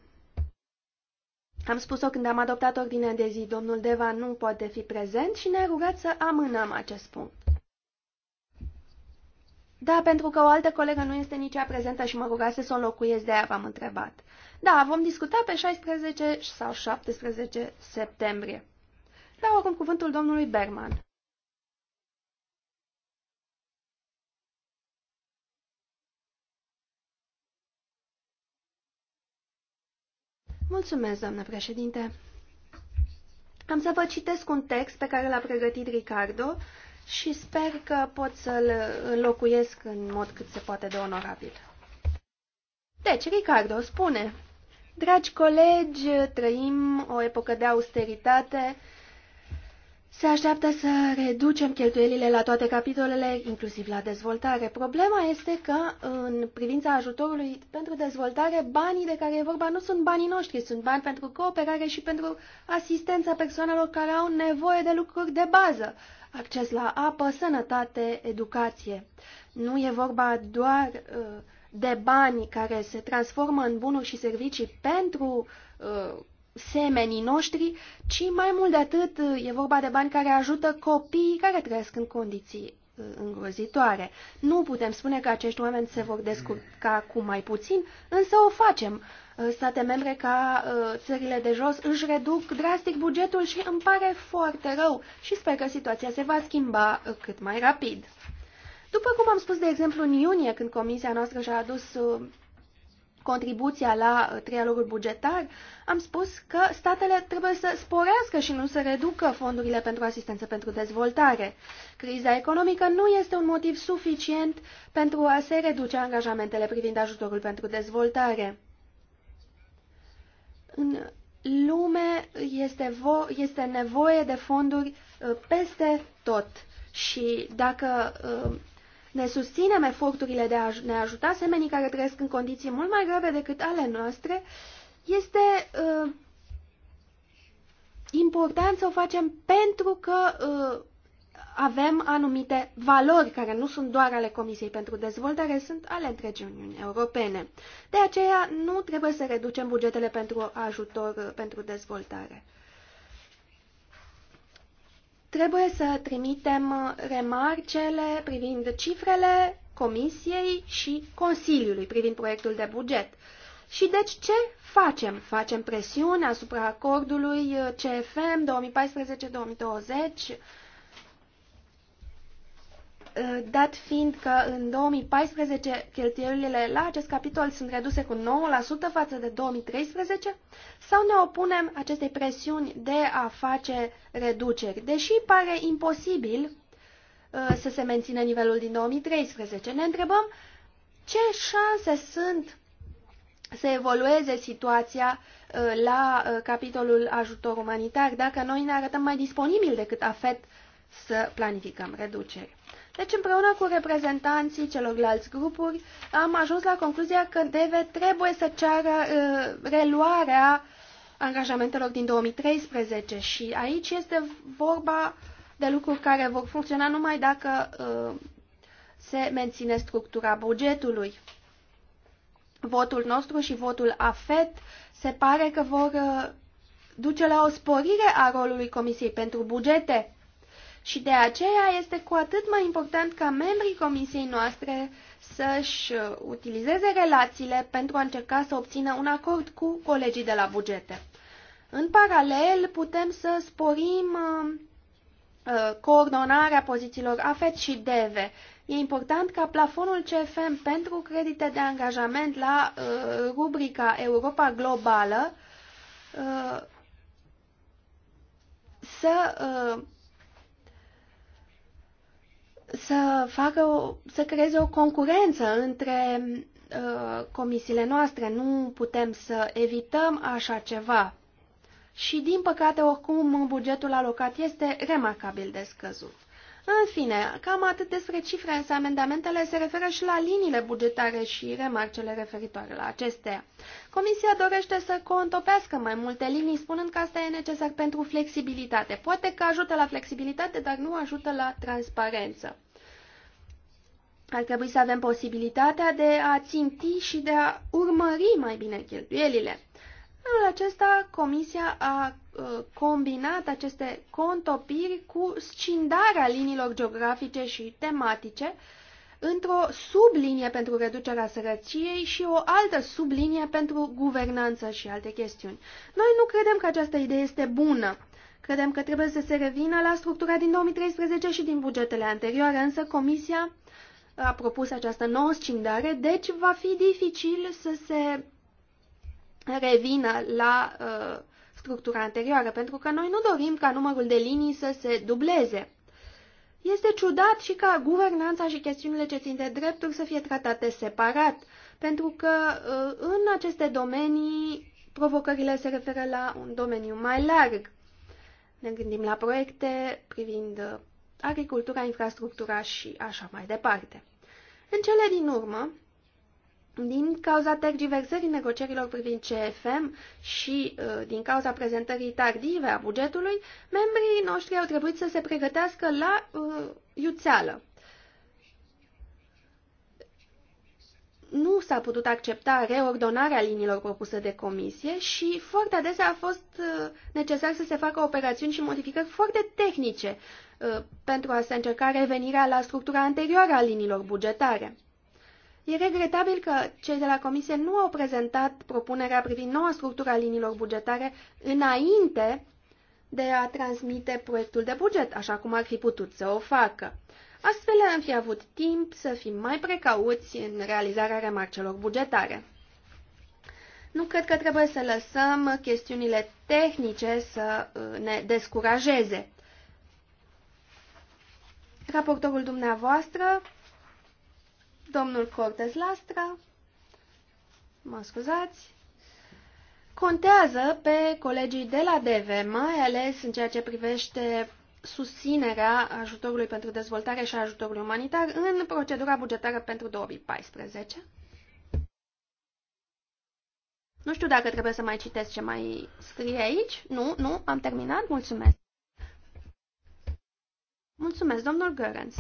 Am spus-o când am adoptat ordinea de zi. Domnul Deva nu poate fi prezent și ne-a rugat să amânăm acest punct. Da, pentru că o altă colegă nu este nici a prezentă și mă rugase să o locuiesc, de-aia v-am întrebat. Da, vom discuta pe 16 sau 17 septembrie. Dau acum cuvântul domnului Berman. Mulțumesc, doamnă președinte. Am să vă citesc un text pe care l-a pregătit Ricardo și sper că pot să-l înlocuiesc în mod cât se poate de onorabil. Deci, Ricardo spune, Dragi colegi, trăim o epocă de austeritate se așteaptă să reducem cheltuielile la toate capitolele, inclusiv la dezvoltare. Problema este că, în privința ajutorului pentru dezvoltare, banii de care e vorba nu sunt banii noștri, sunt bani pentru cooperare și pentru asistența persoanelor care au nevoie de lucruri de bază, acces la apă, sănătate, educație. Nu e vorba doar uh, de bani care se transformă în bunuri și servicii pentru uh, semenii noștri, ci mai mult de atât e vorba de bani care ajută copiii care trăiesc în condiții uh, îngrozitoare. Nu putem spune că acești oameni se vor descurca cu mai puțin, însă o facem. Uh, state membre ca uh, țările de jos își reduc drastic bugetul și îmi pare foarte rău și sper că situația se va schimba cât mai rapid. După cum am spus, de exemplu, în iunie, când comisia noastră și-a adus contribuția la uh, trialogul bugetar, am spus că statele trebuie să sporească și nu să reducă fondurile pentru asistență pentru dezvoltare. Criza economică nu este un motiv suficient pentru a se reduce angajamentele privind ajutorul pentru dezvoltare. În lume este, vo- este nevoie de fonduri uh, peste tot și dacă uh, ne susținem eforturile de a ne ajuta semenii care trăiesc în condiții mult mai grave decât ale noastre. Este uh, important să o facem pentru că uh, avem anumite valori care nu sunt doar ale Comisiei pentru Dezvoltare, sunt ale întregii Uniuni Europene. De aceea nu trebuie să reducem bugetele pentru ajutor pentru dezvoltare. Trebuie să trimitem uh, remarcele privind cifrele Comisiei și Consiliului privind proiectul de buget. Și deci ce facem? Facem presiune asupra acordului uh, CFM 2014-2020? Eh, dat fiind că în 2014 cheltuielile la acest capitol sunt reduse cu 9% față de 2013 sau ne opunem acestei presiuni de a face reduceri, deși pare imposibil eh, să se mențină nivelul din 2013. Ne întrebăm ce șanse sunt să evolueze situația eh, la capitolul ajutor umanitar dacă noi ne arătăm mai disponibil decât AFET să planificăm reduceri. Deci, împreună cu reprezentanții celorlalți grupuri, am ajuns la concluzia că DEVE trebuie să ceară uh, reluarea angajamentelor din 2013 și aici este vorba de lucruri care vor funcționa numai dacă uh, se menține structura bugetului. Votul nostru și votul AFET se pare că vor uh, duce la o sporire a rolului Comisiei pentru Bugete și de aceea este cu atât mai important ca membrii comisiei noastre să-și uh, utilizeze relațiile pentru a încerca să obțină un acord cu colegii de la bugete. În paralel, putem să sporim uh, uh coordonarea pozițiilor AFET și DEVE. E important ca plafonul CFM pentru credite de angajament la uh, rubrica Europa Globală uh, să uh, să, facă o, să creeze o concurență între uh, comisiile noastre. Nu putem să evităm așa ceva. Și, din păcate, oricum, bugetul alocat este remarcabil de scăzut. În fine, cam atât despre cifre, însă amendamentele se referă și la liniile bugetare și remarcele referitoare la acestea. Comisia dorește să contopească mai multe linii, spunând că asta e necesar pentru flexibilitate. Poate că ajută la flexibilitate, dar nu ajută la transparență. Ar trebui să avem posibilitatea de a ținti și de a urmări mai bine cheltuielile. Anul acesta, Comisia a uh, combinat aceste contopiri cu scindarea liniilor geografice și tematice într-o sublinie pentru reducerea sărăciei și o altă sublinie pentru guvernanță și alte chestiuni. Noi nu credem că această idee este bună. Credem că trebuie să se revină la structura din 2013 și din bugetele anterioare, însă Comisia a propus această nouă scindare, deci va fi dificil să se revină la uh, structura anterioară, pentru că noi nu dorim ca numărul de linii să se dubleze. Este ciudat și ca guvernanța și chestiunile ce țin de drepturi să fie tratate separat, pentru că uh, în aceste domenii provocările se referă la un domeniu mai larg. Ne gândim la proiecte privind uh, agricultura, infrastructura și așa mai departe. În cele din urmă, din cauza tergiversării negocierilor privind CFM și uh, din cauza prezentării tardive a bugetului, membrii noștri au trebuit să se pregătească la uh, iuțeală. Nu s-a putut accepta reordonarea liniilor propuse de comisie și foarte adesea a fost uh, necesar să se facă operațiuni și modificări foarte tehnice uh, pentru a se încerca revenirea la structura anterioară a liniilor bugetare. E regretabil că cei de la Comisie nu au prezentat propunerea privind noua structură a liniilor bugetare înainte de a transmite proiectul de buget, așa cum ar fi putut să o facă. Astfel am fi avut timp să fim mai precauți în realizarea remarcelor bugetare. Nu cred că trebuie să lăsăm chestiunile tehnice să uh, ne descurajeze. Raportorul dumneavoastră domnul Cortez Lastra, mă scuzați, contează pe colegii de la DV, mai ales în ceea ce privește susținerea ajutorului pentru dezvoltare și ajutorul umanitar în procedura bugetară pentru 2014. Nu știu dacă trebuie să mai citesc ce mai scrie aici. Nu, nu, am terminat. Mulțumesc. Mulțumesc, domnul Görens.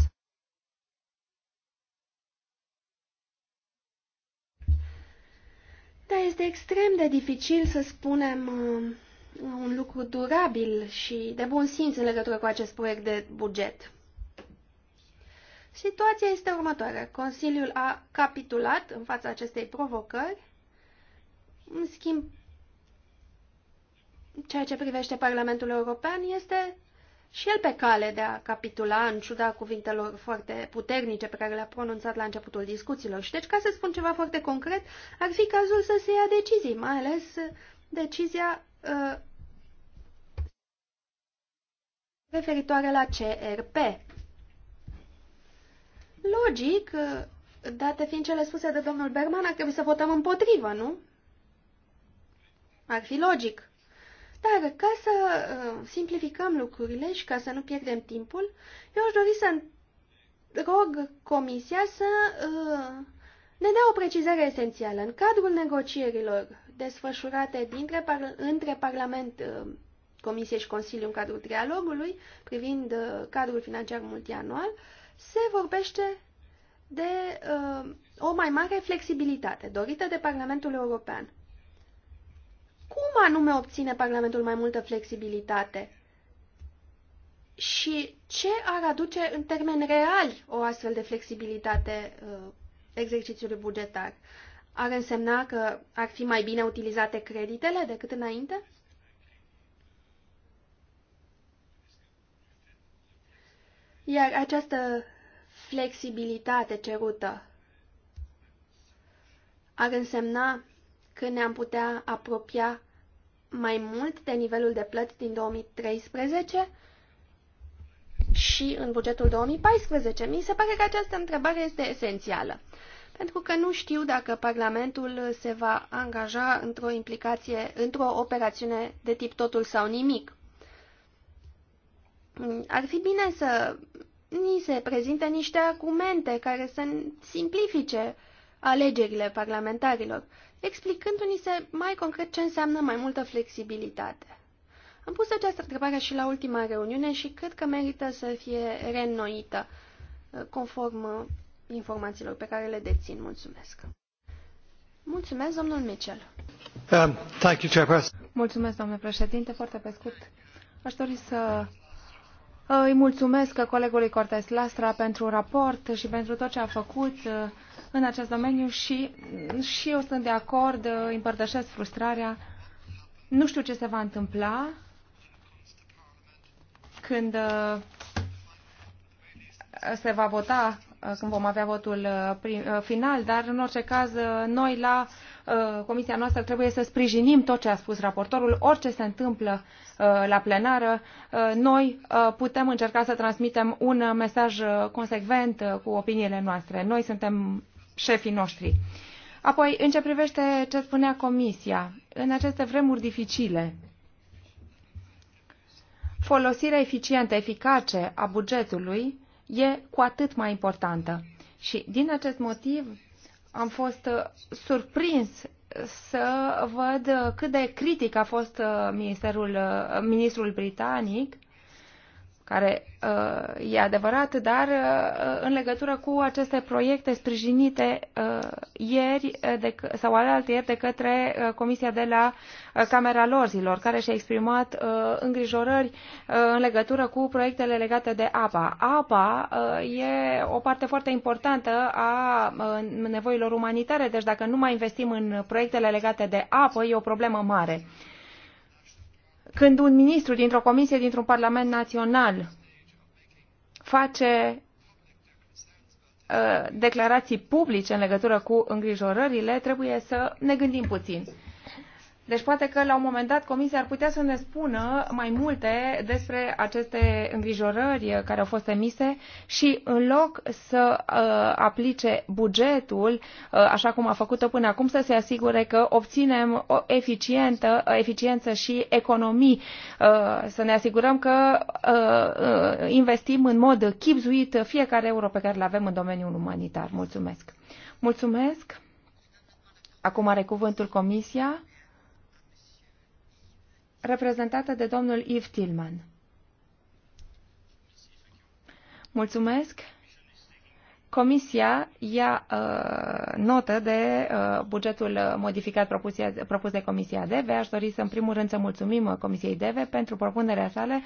Da, este extrem de dificil să spunem uh, un lucru durabil și de bun simț în legătură cu acest proiect de buget. Situația este următoarea. Consiliul a capitulat în fața acestei provocări. În schimb, ceea ce privește Parlamentul European este și el pe cale de a capitula în ciuda cuvintelor foarte puternice pe care le-a pronunțat la începutul discuțiilor. Și deci, ca să spun ceva foarte concret, ar fi cazul să se ia decizii, mai ales decizia uh, referitoare la CRP. Logic, uh, date fiind cele spuse de domnul Berman, ar trebui să votăm împotrivă, nu? Ar fi logic. Dar ca să uh, simplificăm lucrurile și ca să nu pierdem timpul, eu aș dori să rog Comisia să uh, ne dea o precizare esențială. În cadrul negocierilor desfășurate dintre, par, între Parlament, uh, Comisie și Consiliu în cadrul trialogului privind uh, cadrul financiar multianual, se vorbește de uh, o mai mare flexibilitate dorită de Parlamentul European. Cum anume obține Parlamentul mai multă flexibilitate? Și ce ar aduce în termen real o astfel de flexibilitate uh, exercițiului bugetar? Ar însemna că ar fi mai bine utilizate creditele decât înainte? Iar această flexibilitate cerută ar însemna că ne-am putea apropia mai mult de nivelul de plăți din 2013 și în bugetul 2014. Mi se pare că această întrebare este esențială, pentru că nu știu dacă Parlamentul se va angaja într-o implicație, într-o operațiune de tip totul sau nimic. Ar fi bine să ni se prezinte niște argumente care să simplifice uh, alegerile parlamentarilor, explicându-ni se mai concret ce înseamnă mai multă flexibilitate. Am pus această întrebare și la ultima reuniune și cred că merită să fie reînnoită conform informațiilor pe care le dețin. Mulțumesc. Mulțumesc, domnul Mitchell. Um, thank you, Chairperson. Mulțumesc, domnule președinte. Foarte pe scurt. Aș dori să uh, îi mulțumesc colegului Cortes Lastra pentru raport și pentru tot ce a făcut uh, în acest domeniu și, și eu sunt de acord, împărtășesc frustrarea. Nu știu ce se va întâmpla când uh, se va vota, uh, când vom avea votul uh, final, dar în orice caz noi la comisia noastră trebuie să sprijinim tot ce a spus raportorul, orice se întâmplă la plenară. Noi putem încerca să transmitem un mesaj consecvent cu opiniile noastre. Noi suntem șefii noștri. Apoi, în ce privește ce spunea Comisia, în aceste vremuri dificile, folosirea eficientă, eficace a bugetului e cu atât mai importantă. Și din acest motiv am fost uh, surprins să văd cât de critic a fost uh, ministerul, uh, ministrul britanic care uh, e adevărat, dar uh, uh, în legătură cu aceste proiecte sprijinite uh, ieri uh, de, sau alaltă ieri de către uh, Comisia de la uh, Camera Lorzilor, care și-a exprimat uh, îngrijorări uh, în legătură cu proiectele legate de apa. Apa uh, e o parte foarte importantă a uh, nevoilor umanitare, deci dacă nu mai investim în proiectele legate de apă, e o problemă mare. Uh, când un ministru dintr-o comisie, dintr-un parlament național face uh, declarații publice în legătură cu îngrijorările, trebuie să ne gândim puțin. Deci poate că la un moment dat Comisia ar putea să ne spună mai multe despre aceste îngrijorări care au fost emise și în loc să uh, aplice bugetul, uh, așa cum a făcut-o până acum, să se asigure că obținem o eficientă, uh, eficiență și economii, uh, să ne asigurăm că uh, investim în mod chipzuit fiecare euro pe care îl avem în domeniul umanitar. Mulțumesc! Mulțumesc! Acum are cuvântul Comisia reprezentată de domnul Yves Tillman. Mulțumesc! Comisia ia uh, notă de uh, bugetul modificat propus, propus de Comisia DEVE. Aș dori să, în primul rând, să mulțumim Comisiei DEVE pentru propunerea sale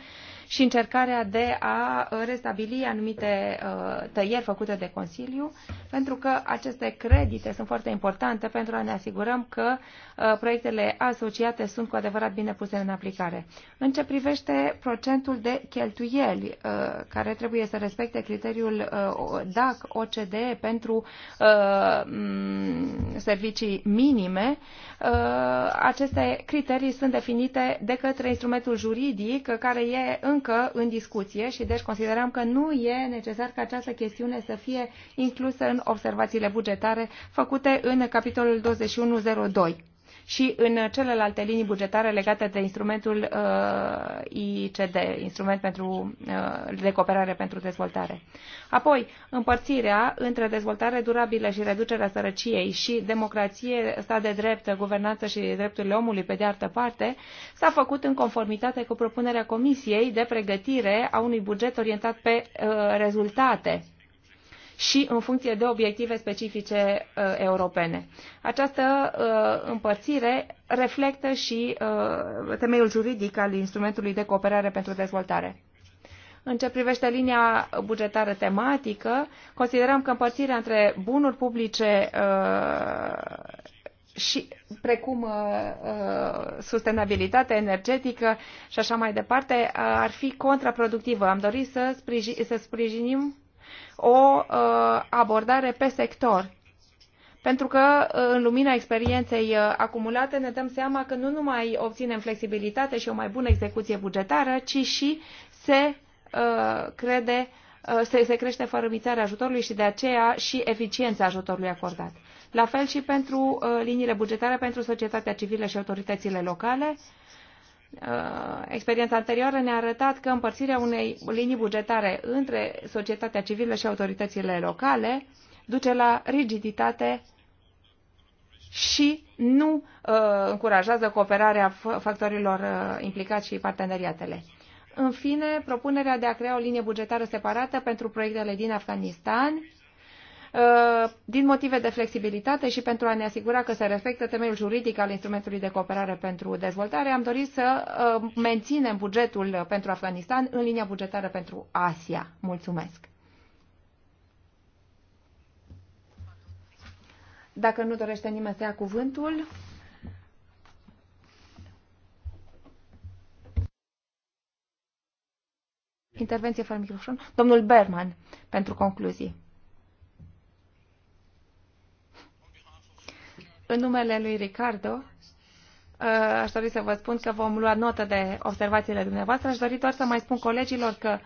și încercarea de a restabili anumite uh, tăieri făcute de Consiliu, pentru că aceste credite sunt foarte importante pentru a ne asigurăm că uh, proiectele asociate sunt cu adevărat bine puse în aplicare. În ce privește procentul de cheltuieli, uh, care trebuie să respecte criteriul uh, DAC OCDE pentru uh, servicii minime, uh, aceste criterii sunt definite de către instrumentul juridic care e încă în discuție și deci considerăm că nu e necesar ca această chestiune să fie inclusă în observațiile bugetare făcute în capitolul 2102 și în celelalte linii bugetare legate de instrumentul uh, ICD, instrument pentru, uh, recuperare pentru dezvoltare. Apoi, împărțirea între dezvoltare durabilă și reducerea sărăciei și democrație, stat de drept, guvernanță și drepturile omului pe de altă parte, s-a făcut în conformitate cu propunerea Comisiei de pregătire a unui buget orientat pe uh, rezultate și în funcție de obiective specifice uh, europene. Această uh, împărțire reflectă și uh, temeiul juridic al instrumentului de cooperare pentru dezvoltare. În ce privește linia bugetară tematică, considerăm că împărțirea între bunuri publice uh, și precum uh, uh sustenabilitatea energetică și așa mai departe, uh, ar fi contraproductivă. Am dorit să, sprijin, să sprijinim o uh, abordare pe sector. Pentru că, uh, în lumina experienței uh, acumulate, ne dăm seama că nu numai obținem flexibilitate și o mai bună execuție bugetară, ci și se crede se, se crește fărâmițarea ajutorului și de aceea și eficiența ajutorului acordat. La fel și pentru uh, liniile bugetare pentru societatea civilă și autoritățile locale. Uh, experiența anterioară ne-a arătat că împărțirea unei linii bugetare între societatea civilă și autoritățile locale duce la rigiditate și nu uh, încurajează cooperarea factorilor uh, implicați și parteneriatele. În fine, propunerea de a crea o linie bugetară separată pentru proiectele din Afganistan Uh, din motive de flexibilitate și pentru a ne asigura că se respectă temeiul juridic al instrumentului de cooperare pentru dezvoltare, am dorit să uh, menținem bugetul pentru Afganistan în linia bugetară pentru Asia. Mulțumesc! Dacă nu dorește nimeni să ia cuvântul... Intervenție fără microfon. Domnul Berman, pentru concluzii. În numele lui Ricardo, uh, aș dori să vă spun că vom lua notă de observațiile dumneavoastră. Aș dori doar să mai spun colegilor că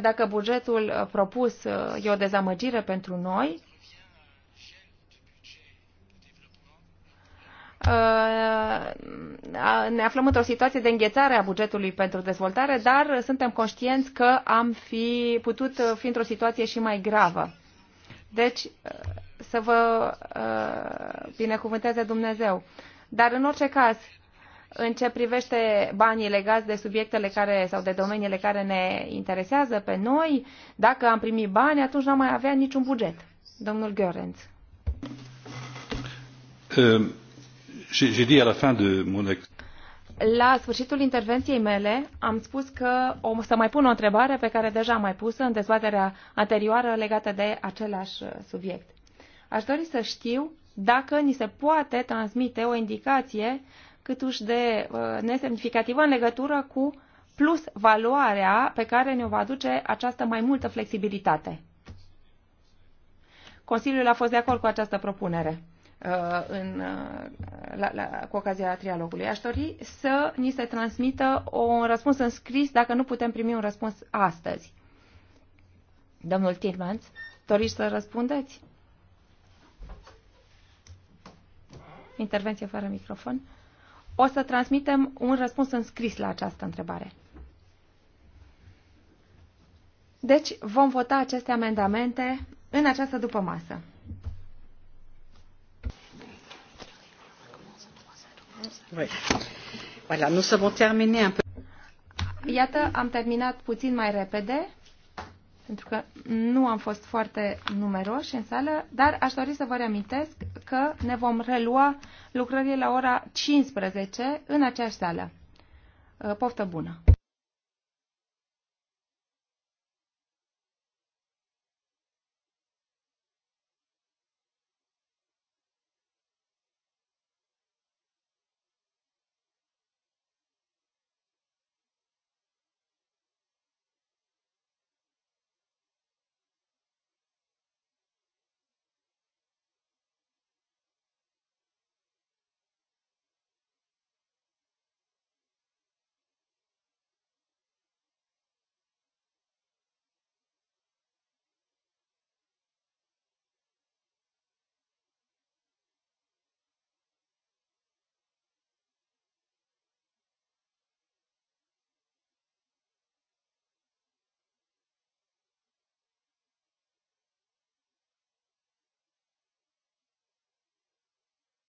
dacă bugetul propus uh, e o dezamăgire pentru noi, uh, ne aflăm într-o situație de înghețare a bugetului pentru dezvoltare, dar suntem conștienți că am fi putut fi într-o situație și mai gravă. Deci, să vă uh, binecuvânteze Dumnezeu. Dar în orice caz, în ce privește banii legați de subiectele care, sau de domeniile care ne interesează pe noi, dacă am primit bani, atunci n-am mai avea niciun buget. Domnul Görenț. Ehm, la la sfârșitul intervenției mele am spus că o să mai pun o întrebare pe care deja am mai pus-o în dezbaterea anterioară legată de același uh, subiect. Aș dori să știu dacă ni se poate transmite o indicație uși de uh, nesemnificativă în legătură cu plus valoarea pe care ne-o va aduce această mai multă flexibilitate. Consiliul a fost de acord cu această propunere uh, în, uh, la, la, cu ocazia trialogului. Aș dori să ni se transmită un răspuns în scris dacă nu putem primi un răspuns astăzi. Domnul Tirmans, doriți să răspundeți? intervenție fără microfon. O să transmitem un răspuns în scris la această întrebare. Deci vom vota aceste amendamente în această dupămasă. Oui. un Iată, am terminat puțin mai repede pentru că nu am fost foarte numeroși în sală, dar aș dori să vă reamintesc că ne vom relua lucrările la ora 15 în aceeași sală. Poftă bună!